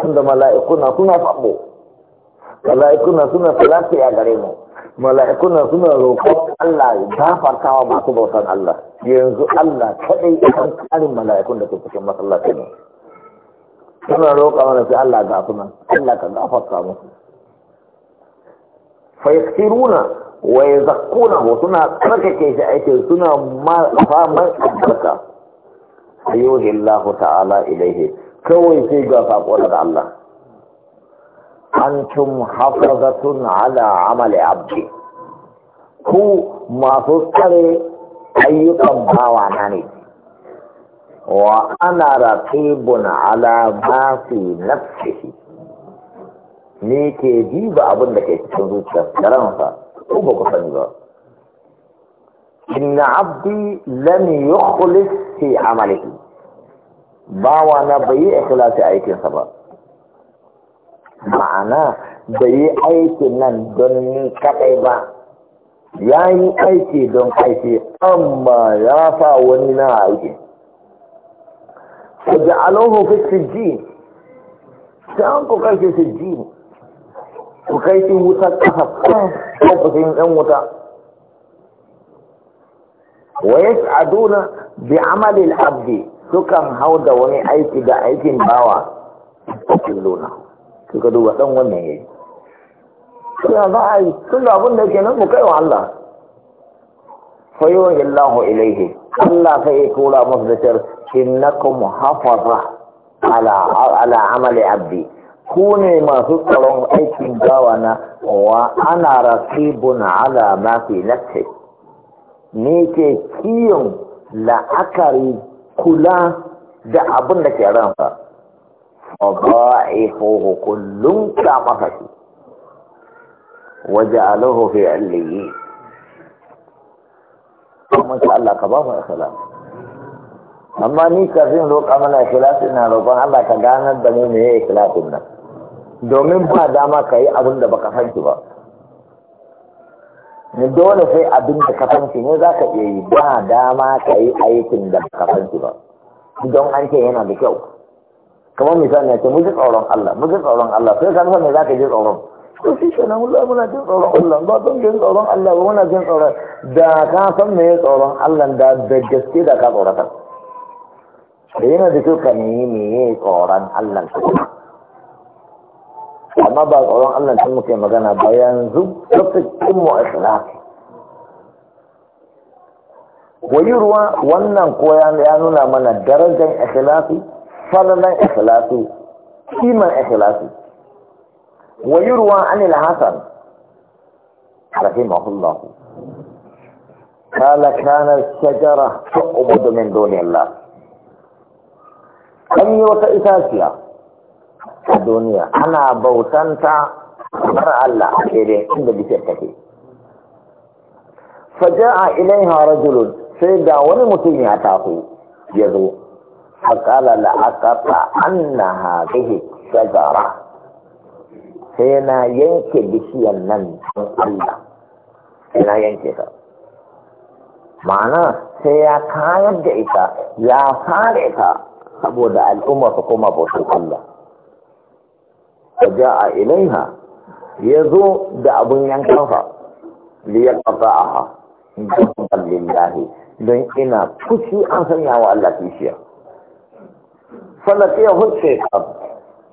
tunda mala'ikuna suna sabo mala'ikuna suna salati a gare mu mala'ikuna suna roƙon Allah ya gafarta wa masu bautan Allah yanzu Allah kaɗai kan tsarin mala'ikun da ke cikin masallaci ne suna roƙa mana sai Allah ga su nan Allah ka gafarta musu fa yaksiruna wa zakkuna wa suna tsarkake shi aikin suna ma faman albarka ayyuhi Allah ta'ala ilaihi kawai sai ga sako daga Allah antum hafazatun ala amali abdi ku masu tsare ayyukan bawa na ne wa ana raqibun ala ma nafsihi ni ke diba abin da ke cikin zuciyar da ransa ko ba ku sani ba inna abdi lam yukhlis fi amalihi bawa na bai ikhlasi aikinsa ba ma'ana da yi aikin nan don ni kaɗai ba ya yi aiki don aiki amma ya fa wani na aiki ji alohu fi sijji can ku kai shi ji ku kai shi wuta ƙasa ko ku sun ɗan wuta wa Aduna bi amalin abdi sukan hau da wani aiki da aikin bawa kulluna suka duba dan wannan yayi suna za a yi tun da abin da yake nan mu kai wa Allah fayoyin Allah ilaihi Allah sai ya tura masa da tar innakum hafaza ala ala amali abdi ku ne masu tsaron aikin gawa na wa ana rasibun ala ma fi nafsi ne ke kiyon la'akari kula da abin da ke ranka وضاعفوه كل كما فشي وجعلوه في عليين kuma insha Allah ka ba mu ikhlas amma ni kafin roƙa mana ikhlas ina roƙon Allah ka ganar da mu meye ikhlasin nan domin ba dama ka yi abin da baka san ba ni dole sai abin da ka san ne za ka iya yi ba dama ka yi aikin da baka san ba don an ce yana da kyau Kamu misalnya ya ce mu Allah mu orang Allah saya ka san me jadi orang. tsoron to shi kenan wallahi muna jin tsoron Allah ba jadi orang tsoron Allah ba jadi orang. Dah da ka san me tsoron Allah dah degus gaske da ka tsoratar Ini yana da ini ka nemi Allah amma ba orang Allah tun muke magana ba yanzu lokacin mu ikhlasi wani wanang wannan yang ya nuna mana darajar ikhlasi falalan ikhlasu kiman ikhlasu wa yurwa anil hasan rahimahullah kala kana shajara tu'budu min duni allah an yi wata itaciya a duniya ana bautan ta har allah a kere inda bisir take faja a ilai harajulun sai ga wani mutum ya taho ya zo فقال لأقطع أن هذه الشجرة سينا ينكي بشيا من الله yanke ينكي ma'ana sai ya kayar da ita ya fara ta saboda al'umma su koma bauta Allah ta a ilaiha ya zo da abin yankansa liyar ƙasa'aha don lallahi. don ina fushi an sanya wa Allah kishiya فلقيه الشيطان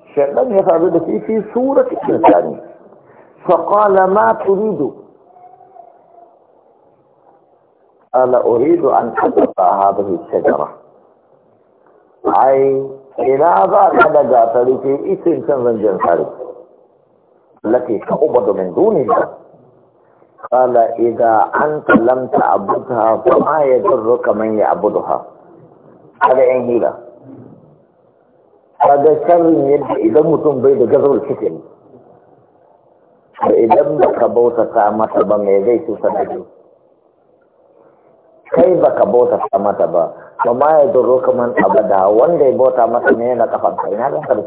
الشيطان يفعل به في سورة الثانية فقال ما تريد قال أريد أن أقطع هذه الشجرة أي إلى ذاك لقى طريقي اسم كنزن جنساري التي تعبد من دون الله قال إذا أنت لم تعبدها فما يضرك من يعبدها هذا إن kaga sharrin yadda idan mutum bai da gazar cikin to idan baka ta mata ba mai zai cutar da kai kai baka ta mata ba amma ya duro kaman abada wanda ya bauta mata ne na kafan kai ina ga kare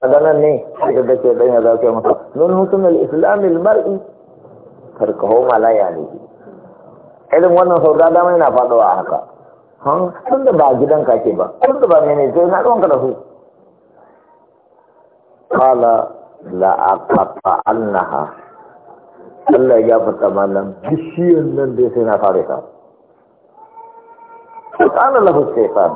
kaga nan ne da dake dan ya zaka mata nun hutun al-islam al-mar'i karkaho malaya ne irin wannan sauda dama yana a haka tun da ba gidan ka ke ba tun da ba mene sai na ruwanka da su kala la annaha Allah ya fata malam bishiyan nan da sai na fara ka kana lahu shaytan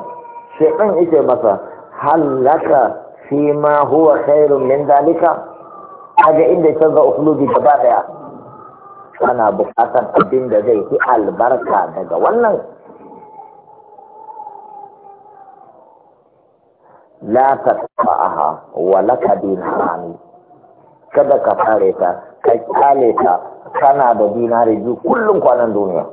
shaytan ike masa halaka fi ma huwa khairun min dalika kaga inda canza ukulubi gaba daya ana bukatan abin da zai fi albarka daga wannan la tatba'aha wa ka dinari kada ka fare ta ka kyale ta kana da dinari biyu kullum kwanan duniya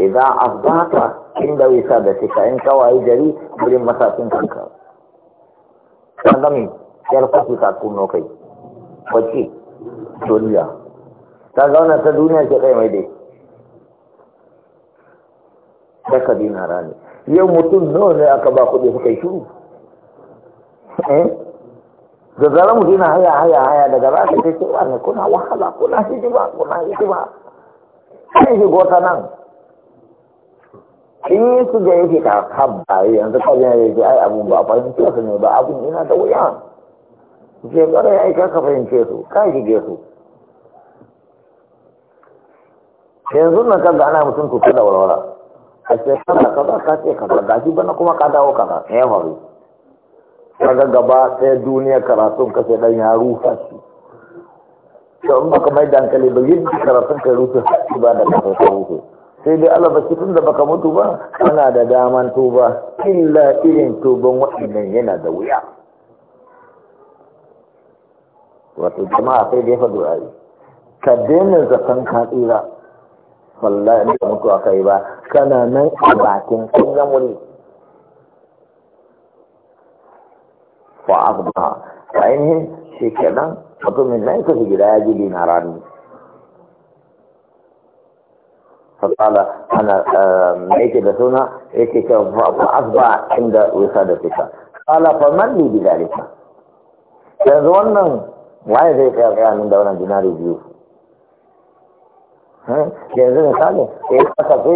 idan kin da wisa da shi, ka in kawai jari gurin masafin kanka kan gami yar kwafi ta kuno kai kwaki, duniya ta zauna ta duniya ke kai mai dai Daka dinara ne yau mutum nawa ne aka ba kuɗi suka yi shuru eh? da zara mu dina haya haya haya daga za ka ce wani kuna wahala kuna hijima kuna hijima sai shi gota nan in su ga yake ka yi yanzu ka zai yake ai abun ba fahimce su ne ba abun yana da wuya shekara ya aika ka fahimce su ka shige su yanzu nan kan ana mutum tutu da walwala a ce kaza kaza ka ce kaza gashi bana kuma ka dawo kaza ya faru kaga gaba ɗaya duniya karatun ka sai dan ya rufa shi to in baka mai dankali ba yadda karatun ka rufe shi ba da kafa ka rufe sai dai Allah bashi tun da baka mutu ba kana da daman tuba illa irin tuban waɗannan yana da wuya wato jama'a sai dai fa du'a ka daina zaton ka tsira wallahi ka mutu aka yi ba kana nan a bakin kun muni fa asba ainihin shi kenan mutumin nan ka gida ya ji dinarani fasala ana eh, yake da suna yake ka fa asba inda wisa da fita kala fa man ni bi dalika yanzu wannan waye zai kai nan da wannan dinari biyu yanzu misali kasa ka kafe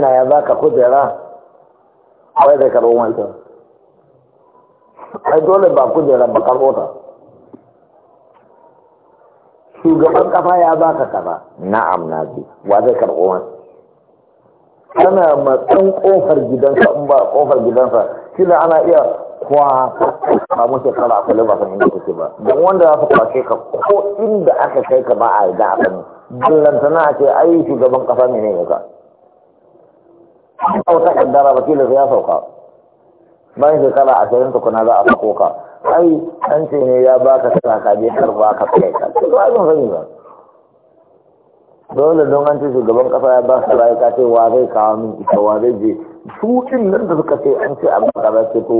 na ya ba ka kujera kawai zai karɓo wancan ai dole ba kujera ba karɓo ta shugaban kafa ya ba ka kafa na na bi wa zai karɓo wani ana matsan kofar gidansa in ba kofar gidansa kila ana iya kwa ba mu shekara a kwale ba san inda kake ba don wanda za su kwashe ka ko inda aka kai ka ba a yi da a sani ballantana a ce ai shugaban kasa ne ne ka ta kaddara wakilin ya sauka bayan shekara ashirin kuna za a sako ka ai an ce ne ya ka sana ka je karba ka kai ka to ai ban sani ba dole don an ce shugaban kasa ya ba su ka ce wa zai kawo min ita wa zai je su din nan da suka ce an ce a baka ce to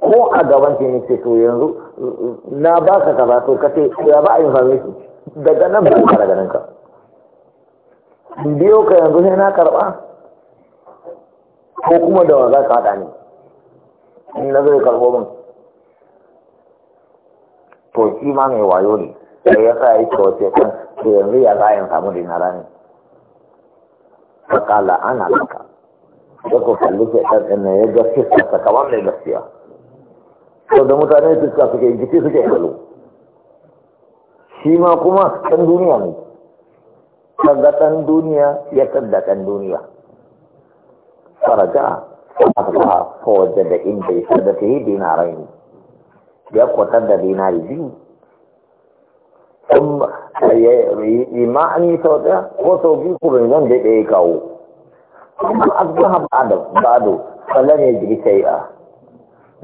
ko a gaban ce ne ce to yanzu na ka kaza to ka ce ya ba a yi fami daga nan ba daga nan ka bidiyo ka yanzu sai na karba? ko kuma da wanzu ka haɗa ni in na zai karɓo min to shi ma mai wayo ne sai ya sa yake wace kan to yanzu ya zayen a samu dinara ne fakala ana laka ya ku kalli ke ɗan ɗan ya ga fiska kamar mai gaskiya to da mutane fiska suke jiki suke kallo shi ma kuma kan duniya ne kaga ɗan duniya ya tadda ɗan duniya faraja asba fawaje da inda ya sadda ta yi dinarai ne ya kwatar da dinari biyu ma an yi sau ɗaya ko sau biyu kurin zan da ɗaya kawo kuma asbaha ba'ado sallan ya jiri a.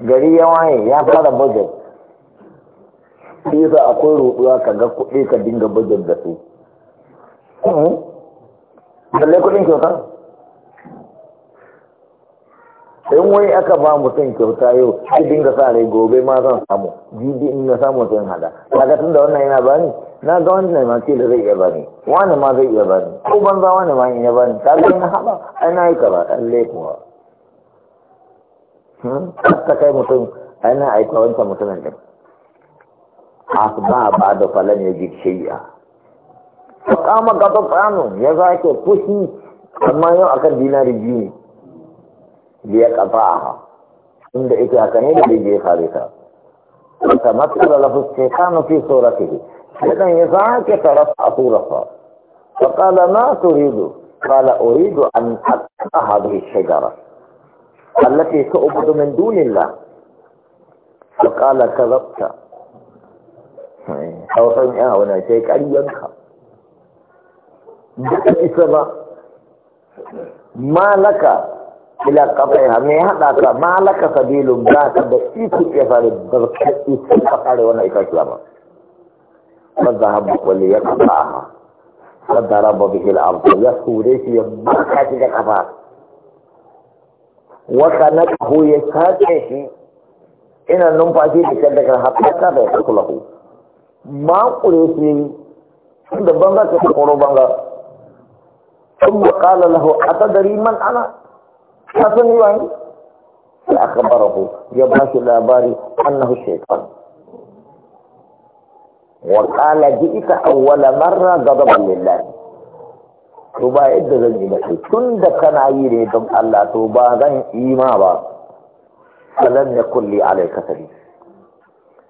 gari ya waye ya fara budget sai yasa akwai roɗuwa ka ga kuɗi ka dinga budget da su Hmm. balle kudin kyauta in wani aka ba mutum kyauta yau shi dinga sa rai gobe ma zan samu jibi in na samu sun hada kaga tun da wannan yana bani na ga na ma ce da zai iya bani wani ma zai iya bani ko banza wani ma iya bani kaga ina haba ai na yi kaza lalle kuwa hmm? ta kai mutum ai na aika wancan mutumin din asba ba da falan ya ji shay'a kama kata tsano ya za ke fushi amma yau akan dinari biyu da ya ha inda ita akan ne da bai je fare ta ta matsala lafis ce kano fi tsorafi idan ya za ke tarafa a tsorafa ta kala na turido kala orido an haka a haɗe shigara Allah ke ta ubudu min dunilla ta kala ka zafta hausar yawon ya ce karyanka baka isa ba malaka ila kafaiha me haɗa ka malaka sabilun ba ka da iko ya fara da ka isa ka fara wannan itaciya ba wadda haɓa kwalli ya kafa aha wadda raba bihi al'abdu ya hure shi ya baka shi da kafa wa na kaho ya sace shi ina numfashi da kan daga haɓaka da ya kasu lahu ma kure shi tun da banga ka koro banga ثم قال له أتدري من أنا حسني وين فأخبره جبلس الأباري أنه الشيطان وقال جئت أول مرة غضبا لله توبا يد زنجي بحي كن دكنا يريدم الله توبا غن إيما با فلن يقل لي عليك سبيل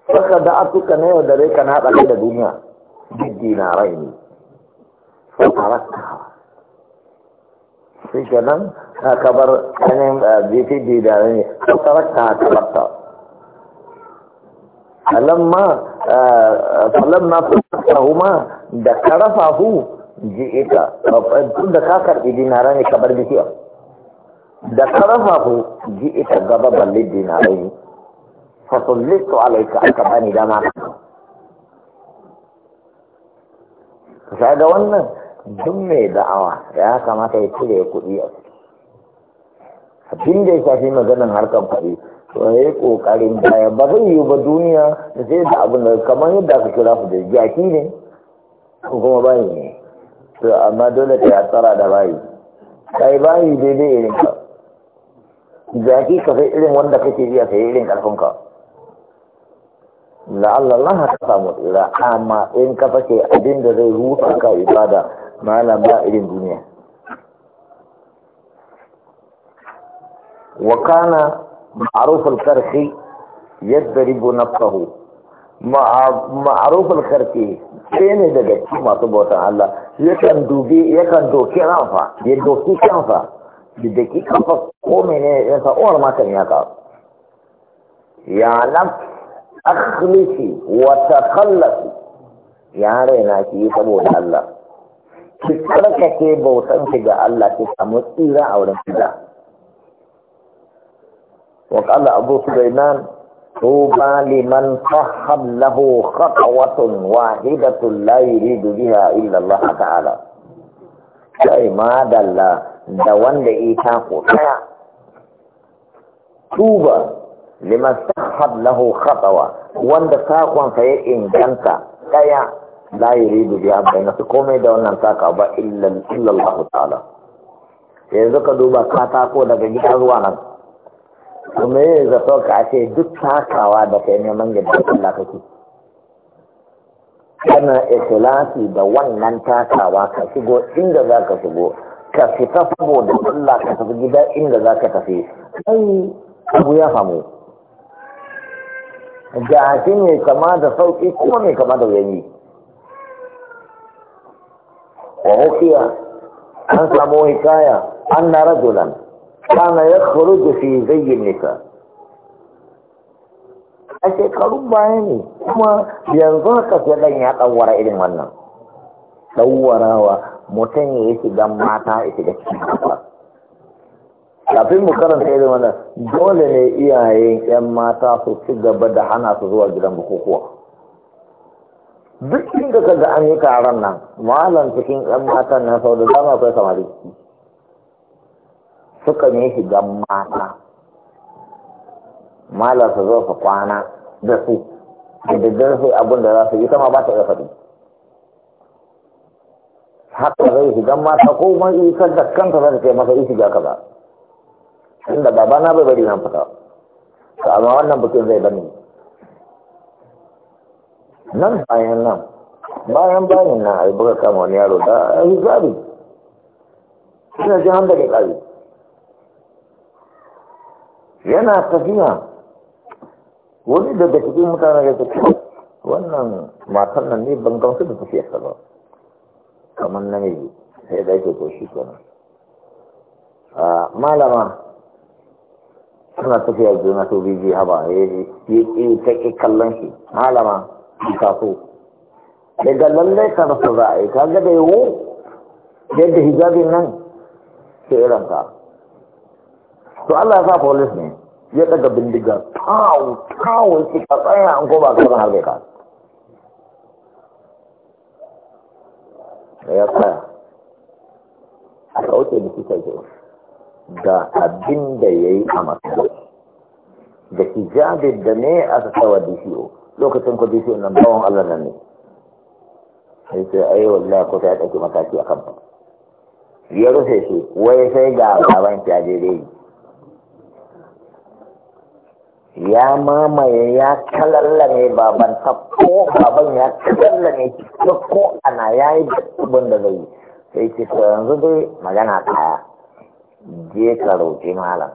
فخدعتك نيو دريك ناقل إلى الدنيا بالدينارين فتركتها shi kenan na kabar ɗanin bpd ah, da ne ko ma alam alamma falamma ah, ma da ji ita tun da ka karɓi dinara ne kabar bikiya da ji ita gaba balle dinara ne fasullitu alaika aka bani dama ka ga wannan duk mai da'awa ya kamata ya cire kuɗi a ciki abin da ya shafi maganin harkar kuɗi to ya yi ƙoƙarin baya ba zai yi ba duniya da sai da abin da kamar yadda aka kira su da jaki ne ko kuma bayi ne to amma dole ka ya tsara da bayi kai bayi daidai irin ka jaki ka sai irin wanda kake biya sai irin ƙarfin ka Allah ka samu tsira amma in ka fashe abin da zai rufa ka ibada malam ba irin duniya وكان معروف الكرخي يضرب نفسه معروف الكرخي shine daga cikin masu bautan Allah yakan dubi yakan doki ranfa ya doki kanfa da daki kanfa ko mene ya sa uwar matan ya ka ya nan akhlisi wa takhallasi ya rena ki saboda Allah ki tsarkake bautan ki ga Allah ki samu tsira a wurin Allah wa kala abu sulaiman tuba liman sahab lahu khatwatun wahidatun la yuridu biha illa Allah ta'ala sai ma dalla da wanda ita ko tsaya tuba liman sahab lahu khatwa wanda sakon sa ya inganta daya la yuridu biha bayna su komai da wannan taka ba illa illallah ta'ala yanzu ka duba katako daga gida zuwa nan to me zato ka ce duk takawa da kai neman yadda Allah kake kana ikhlasi da wannan takawa ka shigo inda za ka shigo ka fita saboda Allah ka tafi gida inda za ka tafi kai abu ya famu ga shi ne kama da sauƙi ko ne kama da yanyi ووقيا أن سمو حكاية أن رجلا كان يخرج في زي النساء a shekarun baya ne kuma yanzu haka sai dan ya ɗauwara irin wannan ɗauwarawa mutum shiga mata ya shiga cikin mata kafin mu karanta irin wannan dole ne iyayen yan mata su ci gaba da hana su zuwa gidan bukukuwa duk inda ka ga an yi taron nan malam cikin ɗan matan na sau da dama akwai samari suka yi shigan mata malam su zo su kwana da su da daddar sai abin da za su yi sama ba ta yafa faɗi haka zai shigan mata ko ma kan da kanta za ta ce masa isi ga kaza inda babana bai bari nan fita to amma wannan bikin zai bani nan bayan nan bayan bayan nan a buga kama wani yaro da a yi zabi suna ji hannu daga ƙari yana tafiya wani daga cikin mutane da ce wannan matan nan ne ban gamsu da tafiyarsa ba kamar namiji sai da ake ko shi kenan malama suna tafiya juna to bibi haba ya eh, eh, eh, ta kallon shi malama kaso daga lallai ka rasa za a yi kaga da yawo yadda hijabin nan ke irin ka to Allah ya sa polis ne ya daga bindiga tawo tawo ki ka tsaya an ko ba ka zan harbe ka ya tsaya a kauce da suka ji da abin da ya yi a masu da hijabin da ne aka shi DCO lokacin ku dace nan bawon Allah nan ne sai sai ai wallahi ko ta dauki mataki akan ba ya rufe shi wai sai ga gaban ta je dai ya mamaye ya kalallame baban ta ko baban ya kalallame ta ko ana yayi abin da zai sai ce yanzu dai magana kaya je ka roƙi malam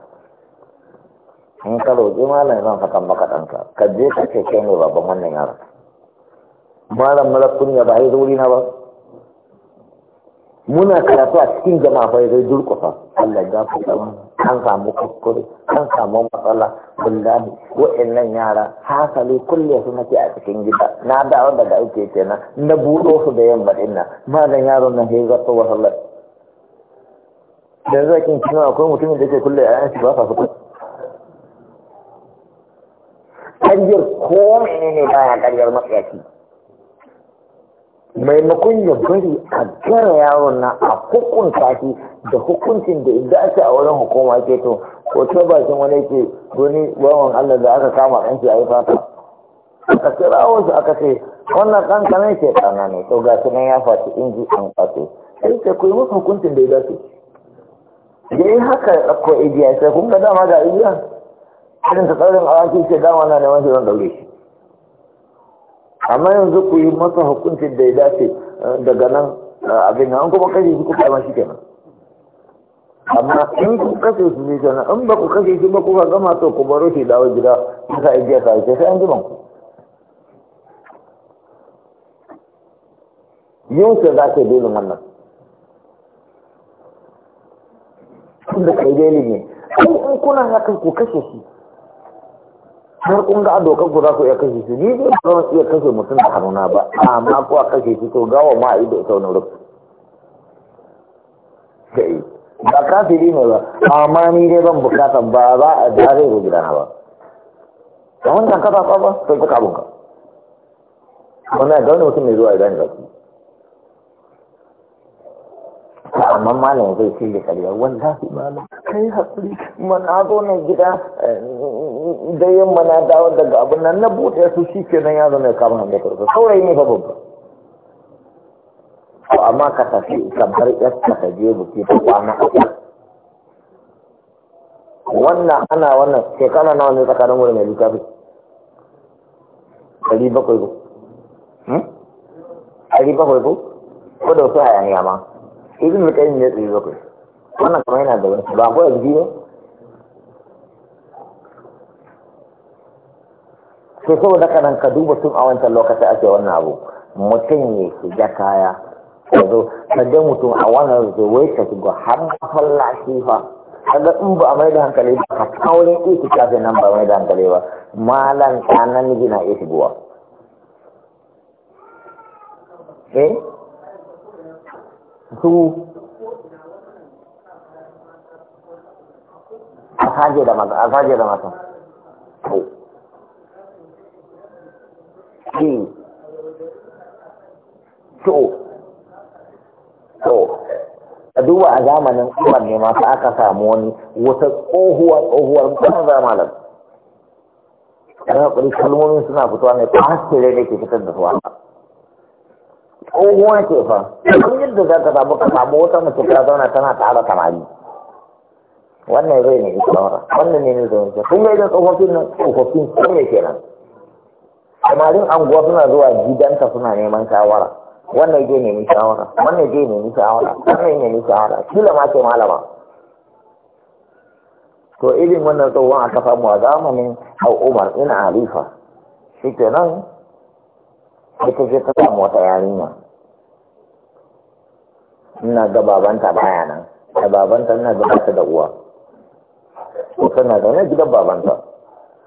in ka roƙi malam zan faɗa maka ɗanka ka je ka ce ke ne babban wannan yaron malam mara kunya ba yi zo wurina ba muna karatu a cikin jama'a bai zai durƙusa Allah ya fi an samu kuskure an samu matsala wallahi wa'annan yara hasali kulle su nake a cikin gida na dawo daga aiki kenan na buɗo su da yamma ɗin nan malam yaron nan ya zato wasallar da zakin kina akwai mutumin da ke kulle a yanci ba sa su kulle karyar ko ne baya karyar matsayaki maimakon ya bari a gara yaron nan a hukunta shi da hukuncin da idan ake a wurin hukuma ke to ko ta bakin wani ke goni wawan Allah da aka kama ɗan shi a yi fata aka kira wasu aka ce wannan kan kanan ke kana ne to ga nan ya faci inji an kwato sai ce ku yi musu hukuncin da ya dace da yi haka ko igiya sai kun ga dama ga igiya irin ta a awaki ce dama na neman shi zan daure shi amma yanzu ku yi masa hukuncin da ya dace eh, daga nan eh, abin nan kuma kashe shi kuka mashi shi kenan amma in ku kashe su ne kenan in ba ku kashe shi ba kuka gama to ku baro shi dawo gida kuka ajiya ta ake sai an jima ku yau ce za ka dole wannan da kai dole ne in kuna haka ku kashe shi har kun ga dokar ku za ku iya kashe shi ni dai ba zan iya kashe mutum da hannuna ba amma ko a kashe shi to gawa ma a yi da ita wani rufe da yi ba kafiri ne ba amma ni dai ban bukata ba za a da zai zo gidana ba da wannan kasa ba ba sai kuka ka wannan ga wani mutum mai zuwa idan Ka amma malam zai cille kariya wallahi malam kai hakuri mana zo ne gida eh, da yamma na dawo daga abin nan na bude su shi ke nan ya zama ya kama hanga turka saurayi ne fa babba ko amma ka tafi kamar bar yarka ka je buke ta kwana wannan ana wannan shekara nawa ne tsakanin wurin mai littafi ɗari bakwai ko hmm? ɗari bakwai ko ko da wasu hayaniya ma ibn mutane ne ɗari bakwai wannan kamar yana da wani ba ko yanzu biyu to saboda kanan ka duba tun a wancan lokacin ake wannan abu mutum su ja kaya ka zo ka ga mutum a wannan zuwai ka shiga har masallaci fa kaga in ba a mai da hankali ba ka kaurin ita kafin nan ba mai da hankali ba Malam ka namiji na iya shigowa eh su a saje da mata a saje da mata to to duba a zamanin umar ne masu aka samu wani wata tsohuwar tsohuwar ban zamanin raɓar kalmomin suna fitowa ne kwasire ne ke fitar da suwa tsohuwa ke fa kun yadda za ka samu ka samu wata mace ta zauna tana tare samari wannan zai ne ita wannan ne ne zai ne kun ga idan tsofaffin nan tsofaffin sun ne kenan samarin anguwa suna zuwa gidanka suna neman shawara wannan je nemi shawara wannan je nemi shawara wannan nemi shawara kila ma ce malama to irin wannan tsohon a kafa mu a zamanin umar ina halifa shi ke nan ita ce ta samu wata yarinya ina ga babanta baya nan da babanta ina ga bata da uwa ko tana da ne gidan babanta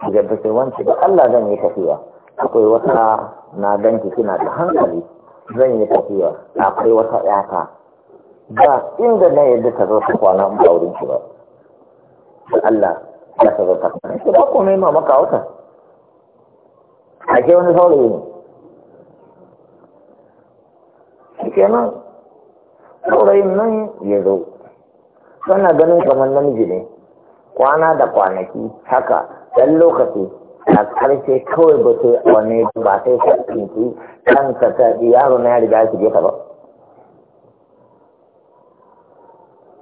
gidan ta ce wance da Allah zan yi tafiya akwai wata na ganki kina da hankali zan yi tafiya akwai wata yata ba inda na yadda ta zo ta kwana ba wurin shi ba da Allah ya ta zo ta kwana shi ba ko mai maka wata ake wani saurayi ne shi nan. saurayin nan ya zo kana ganin kamar namiji ne kwana da kwanaki haka ɗan lokaci a ƙarshe kawai ba ta wani ba sai yi tsinci kanka ta yaro na ya riga ya shige ka ba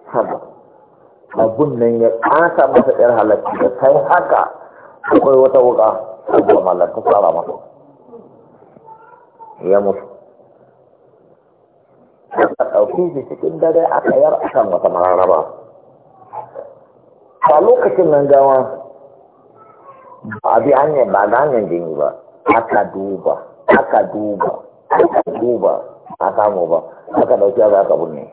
haba abun nan ya ƙasa masa ɗar halarci da sai haka akwai wata wuka abuwa malar ta tsara masa ya mutu aka ɗauki shi cikin dare aka yar akan wata mararraba a lokacin nan gawa Abi bi hanyar ba da hanyar jini ba aka duba aka duba aka duba a samu ba aka dauki za aka binne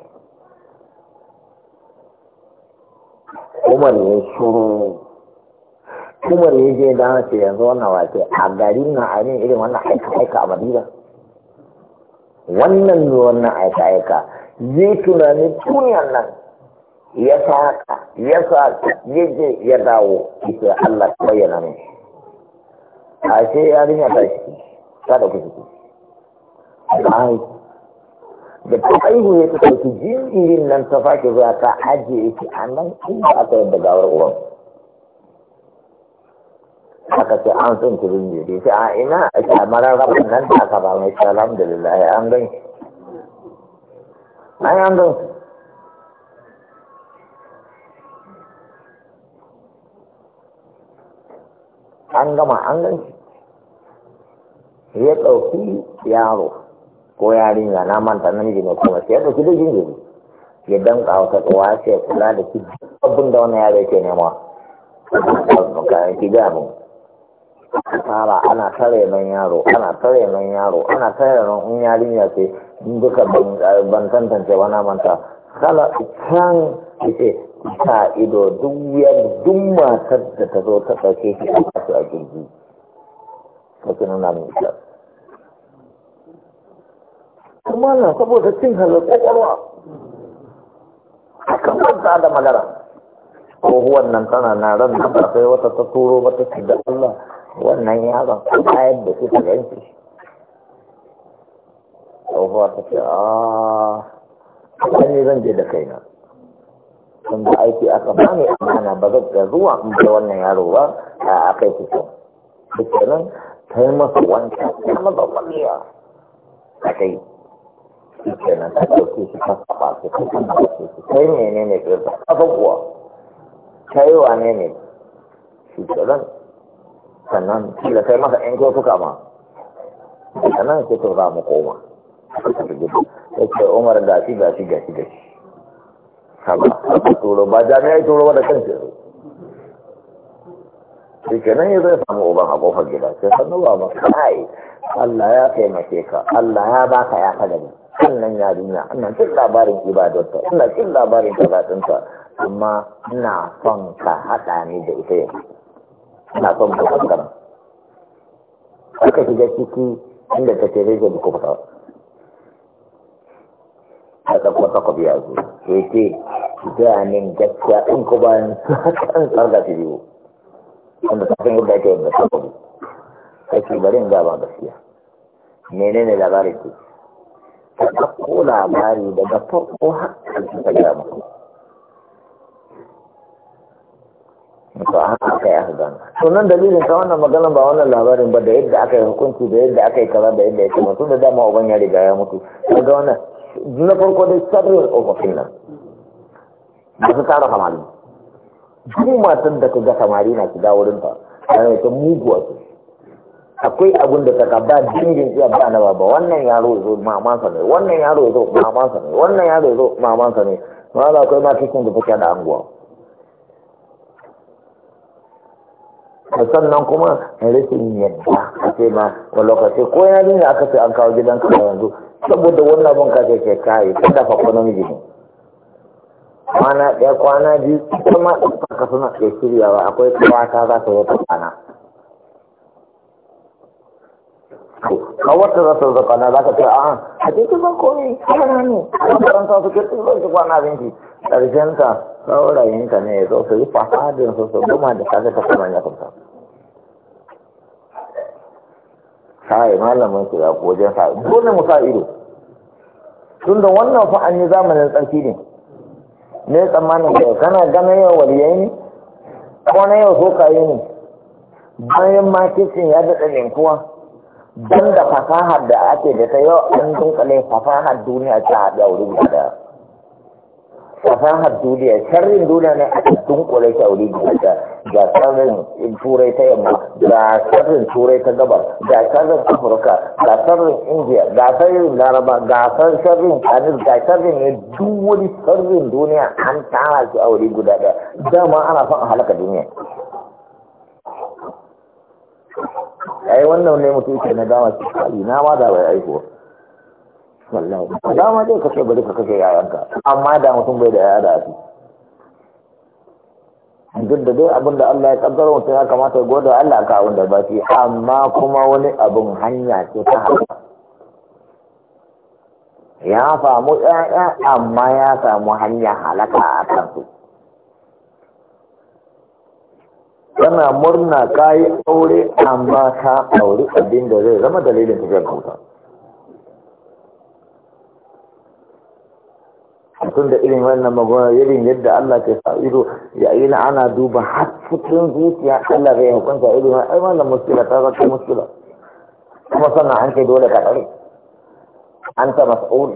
umar ya shuru umar ya je da ce yanzu wannan wace a gari na ainihin irin wannan aika-aika a madina wannan ne wannan aika-aika zai tunani duniyar nan ya saka ya saka yaje ya dawo ita Allah ta bayyana min a ce yarinya ta shi ta da kuke ai da ta aihu ya ta ki jinjirin nan ta fake zuwa ta ajiye ki a nan inda aka yadda gawar uban aka ce an son ki jinjiri sai a ina a ce mararraban nan da aka ba mai shi alhamdulillah an gan shi an gan shi an gama an ganci ya ɗauki yaro ko yarinya na manta namiji ne kuma sai ya ɗauki da jinjiri ya danka wata tsawa sai kula da shi. abin da wani yaro yake nema ki fara ana tare nan yaro ana tare nan yaro ana tare nan in yarinya ce duka ban tantance wani manta kala can ce Ka ido duk wuyar duk matar da ta zo ta ɗauke shi a kasu a jirgi kake nuna min ita kuma na saboda cin halar ƙwaƙwalwa akan kwanta da magana. ko wannan tana na ran nan ba sai wata ta turo ba ta ce da Allah wannan yaron ko tayar da shi ta yanki tsohuwa ta ce a ah, kan zan je da kaina sun aiki aka bani amana ba zan ga zuwa in da wannan yaro ba a kai cikin dukkanin ta yi masa wanka ta maza kwalliya a kai dukkanin ta ɗauke shi ta saba su ta kama su su ta yi mene ne ƙirza ta kuwa ta yi wane ne shi kenan sannan kila kai masa ƴan kyautuka ma sannan sai to za mu koma ya ce umar gashi gashi gashi gashi haka turo ba jami'ai turo ba da kan su shi kenan ya zai samu uban a kofar gida sai sannu ba ba kai Allah ya taimake ka Allah ya baka ya ka gani sannan yarinya ina cin labarin ibadarta ina cin labarin kazaɗinta amma ina son ka haɗa ni da ita yau ina son ka kankana aka shiga ciki inda ta ce zai ku a ɗauko takobi a zo ya ce gaya gaskiya in ku bayan kan tsarga su biyu wanda ta san yadda ake yin da takobi sai ce bari in gaba gaskiya menene labarin ce ta ɗauko labari daga farko har ƙarshe ta gaba muku to haka aka yi aka gano to nan dalilin ta wannan maganan ba wannan labarin ba da yadda aka yi hukunci da yadda aka yi kaza da yadda ya ce mutum da dama uban ya riga ya mutu ga wannan na farko dai sarrin tsofaffin nan ba su tara samari duk matan da ka ga samari na shiga wurin ta tare ta mugu su akwai abin da ta ka ba dingin iya ba na ba wannan yaro zo mamansa ne wannan yaro zo mamansa ne wannan yaro zo mamansa ne ma za akwai ma kishin da fuka da anguwa sannan kuma rashin yadda a ce ma wa lokaci ko yana ne aka ce an kawo gidan ka yanzu saboda wannan abin ka ke kayi ta dafa ko namiji ne kwana ɗaya kwana biyu kuma ɗaukar ka suna ɗaya shiryawa akwai kawata za ta zo kwana Kawar ta za ta zo kwana za ka ce a a ce ban komi kwana ne a karanta su ke tsoron su kwana abinci saurayin saurayinka ne ya zo su yi fahadin su su goma da kaga ta kuma ya kusa kai malamin su ya wajen sa dole mu sa ido tunda wannan fa an yi zamanin tsarki ne ne tsammanin kai kana gane yau waliyai ne ko na yau sokaye ne bayan ma kicin ya daɗa kuwa don da fasahar da ake da ta yau an dunkale fasahar duniya ta haɗa wuri guda fasahar duniya sharrin duniya ne a dunkule ta wuri da ga sharrin turai ta yamma ga sharrin turai ta gabar ga sharrin afirka ga sharrin indiya ga sharrin laraba ga sharrin kanis ga sharrin ne duk wani sharrin duniya an tara shi a wuri guda da dama ana son a halaka duniya ai wannan ne mutum ke na dama shi na ma da bai aiko wallahi dama dai kashe bari ka kashe yayanka amma da mutum bai da yaya da su duk da dai abin da Allah ya kaddara mutum ya kamata ya goda Allah ka abin da ba shi amma kuma wani abin hanya ce ta haka ya samu ƴaƴa amma ya samu hanya halaka a kansu kana murna kayi aure amma ka aure abin da zai zama dalilin tafiyar kautar tun da irin wannan magana irin yadda Allah ke sa ido ya na ana duba har cikin zuciya Allah zai hukunta irin wannan ai wannan muskila ta zaka muskila kuma sannan an ce dole ka tsare an ta mas'uli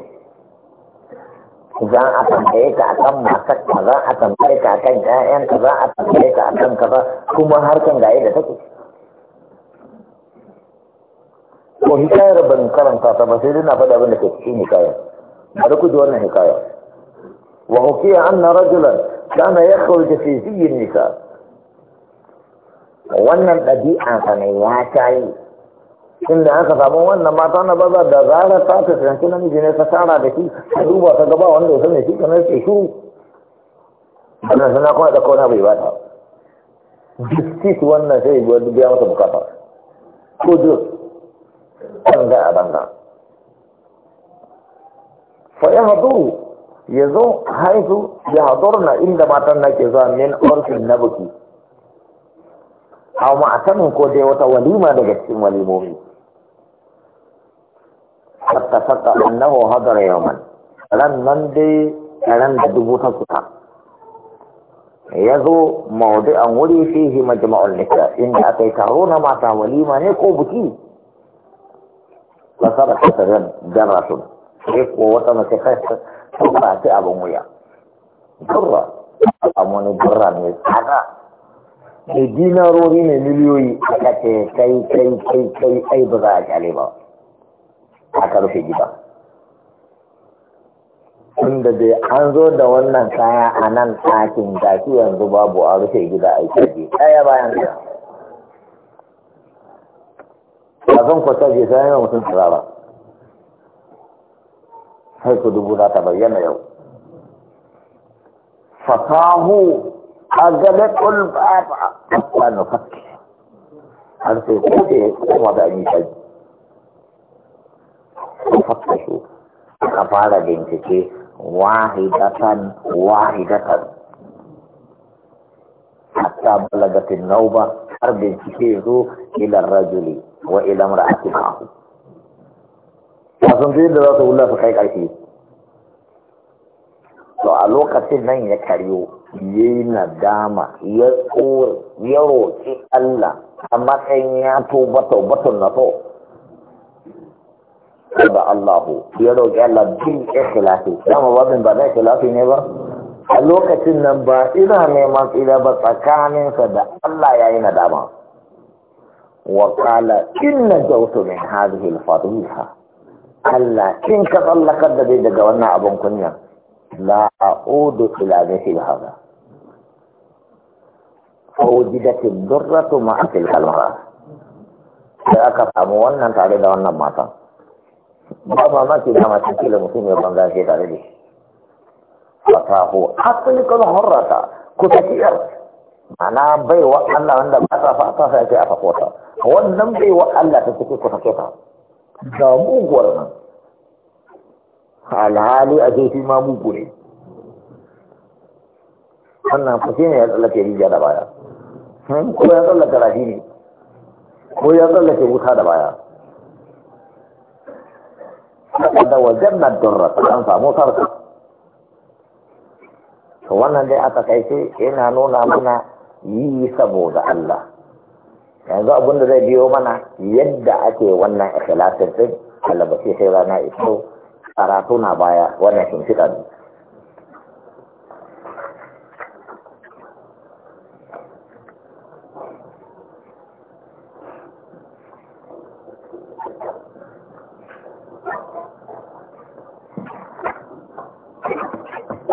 idan a tambaye ka akan matar ka za a tambaye ka akan ƴaƴan ka za a tambaye ka akan kaza kuma harkan ga yadda take ko hikayar ban karanta ta ba sai dai na faɗa abin da ke cikin hikayar bari ku ji wannan hikayar وحكي أن رجلا كان يخرج في زي النساء wannan ɗabi'a ne ya tayi inda aka samu wannan mata na baza da zarar ta ta tsanci namiji ne ta tara da shi ta duba ta gaba wanda ya sani shi kamar sai shuru wannan suna kuma da kona bai bata biskit wannan sai ya biya masa bukata ko jus kan za a banga fa ya haduru ya zo haihu ya hadurna inda matan na ke zuwa min ɗorfin na buki a ma'asanin ko dai wata walima daga cikin walimomi hatta saka annahu hadara man, ran nan dai ran da dubu ta suka ya zo Maudu an wuri fihi majma'ul nisa inda aka yi taro na mata walima ne ko buki fasara ta ran jarratun sai ko wata mace ba ta abin wuya burra amma burra mai tsada da dinarori ne miliyoyi aka ce kai kai kai kai ai ba za a kyale ba aka rufe gida inda dai an zo da wannan kaya a nan ɗakin gashi yanzu babu a rufe gida a kyale ɗaya bayan gida. ba zan kwata ke sayan mutum tsara ba sai ku dubu za ta bayyana yau fasahu agalatul baba wa nufakki har sai ko da ya da an yi fakkashu aka fara bincike wahidatan wahidatan hatta balagatin nauba har bincike zo ila rajuli wa ila mar'atin ahu sun fi yadda za su wula su kai ƙarfi to a lokacin nan ya karyo ya yi nadama ya tsore ya roƙi Allah a matsayin ya tuba taubatun na so da Allahu ya roƙi Allah bin ikhlasi dama babin ba na ikhlasi ne ba a lokacin nan ba ina neman tsira ba tsakaninsa da Allah ya yi nadama wa qala inna jawtu min hadhihi al-fadhiha Allah kin ka tsallakar da zai daga wannan abin kunya la a'udu ila mithli hadha fawjidat ad-darratu ma'a tilka al-mar'a sai aka samu wannan tare da wannan matan ba ma ma ke da cikin kila mutum ya banza shi tare da shi fatahu aslikul hurrata kutatiyar ma'ana baiwa Allah wanda ba ta fata sai a fakota wannan baiwa Allah ta cikin kutatiyar da muguwar nan alhali a jefi ma mugu ne wannan fashe ne ya tsallake rijiya da baya hmm, ko ya tsallake rafi ne ko ya tsallake wuta da baya da wajen na durra an samu sarka to wannan dai aka kai sai yana nuna mana yi saboda Allah yanzu abin da zai biyo mana yadda ake wannan ikhlasin din ba sai rana iso karatu na baya wannan shimfiɗa ne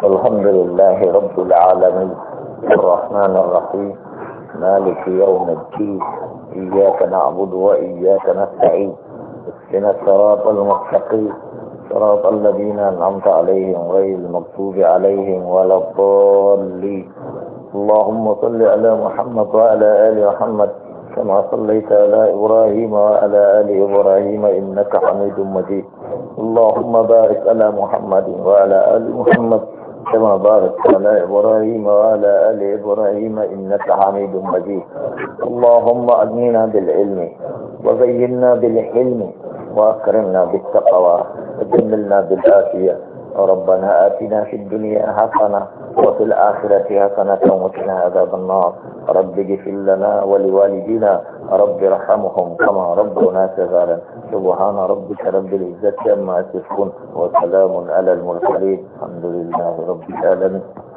الحمد لله رب العالمين الرحمن الرحيم مالك يوم الدين الحكيم إياك نعبد وإياك نستعين اهدنا الصراط المستقيم صراط الذين أنعمت عليهم غير المكتوب عليهم ولا الضالين اللهم صل على محمد وعلى آل محمد كما صليت على إبراهيم وعلى آل إبراهيم إنك حميد مجيد اللهم بارك على محمد وعلى آل محمد كما باركت على إبراهيم وعلى آل إبراهيم إنك حميد مجيد اللهم أدنينا بالعلم وزينا بالحلم وأكرمنا بالتقوى وجملنا بالآتية ربنا آتنا في الدنيا حسنة وفي الآخرة حسنة وقنا عذاب النار رب اغفر لنا ولوالدينا رب ارحمهم كما ربنا صغارا سبحان ربك رب العزة ما يصفون وسلام على المرسلين الحمد لله رب العالمين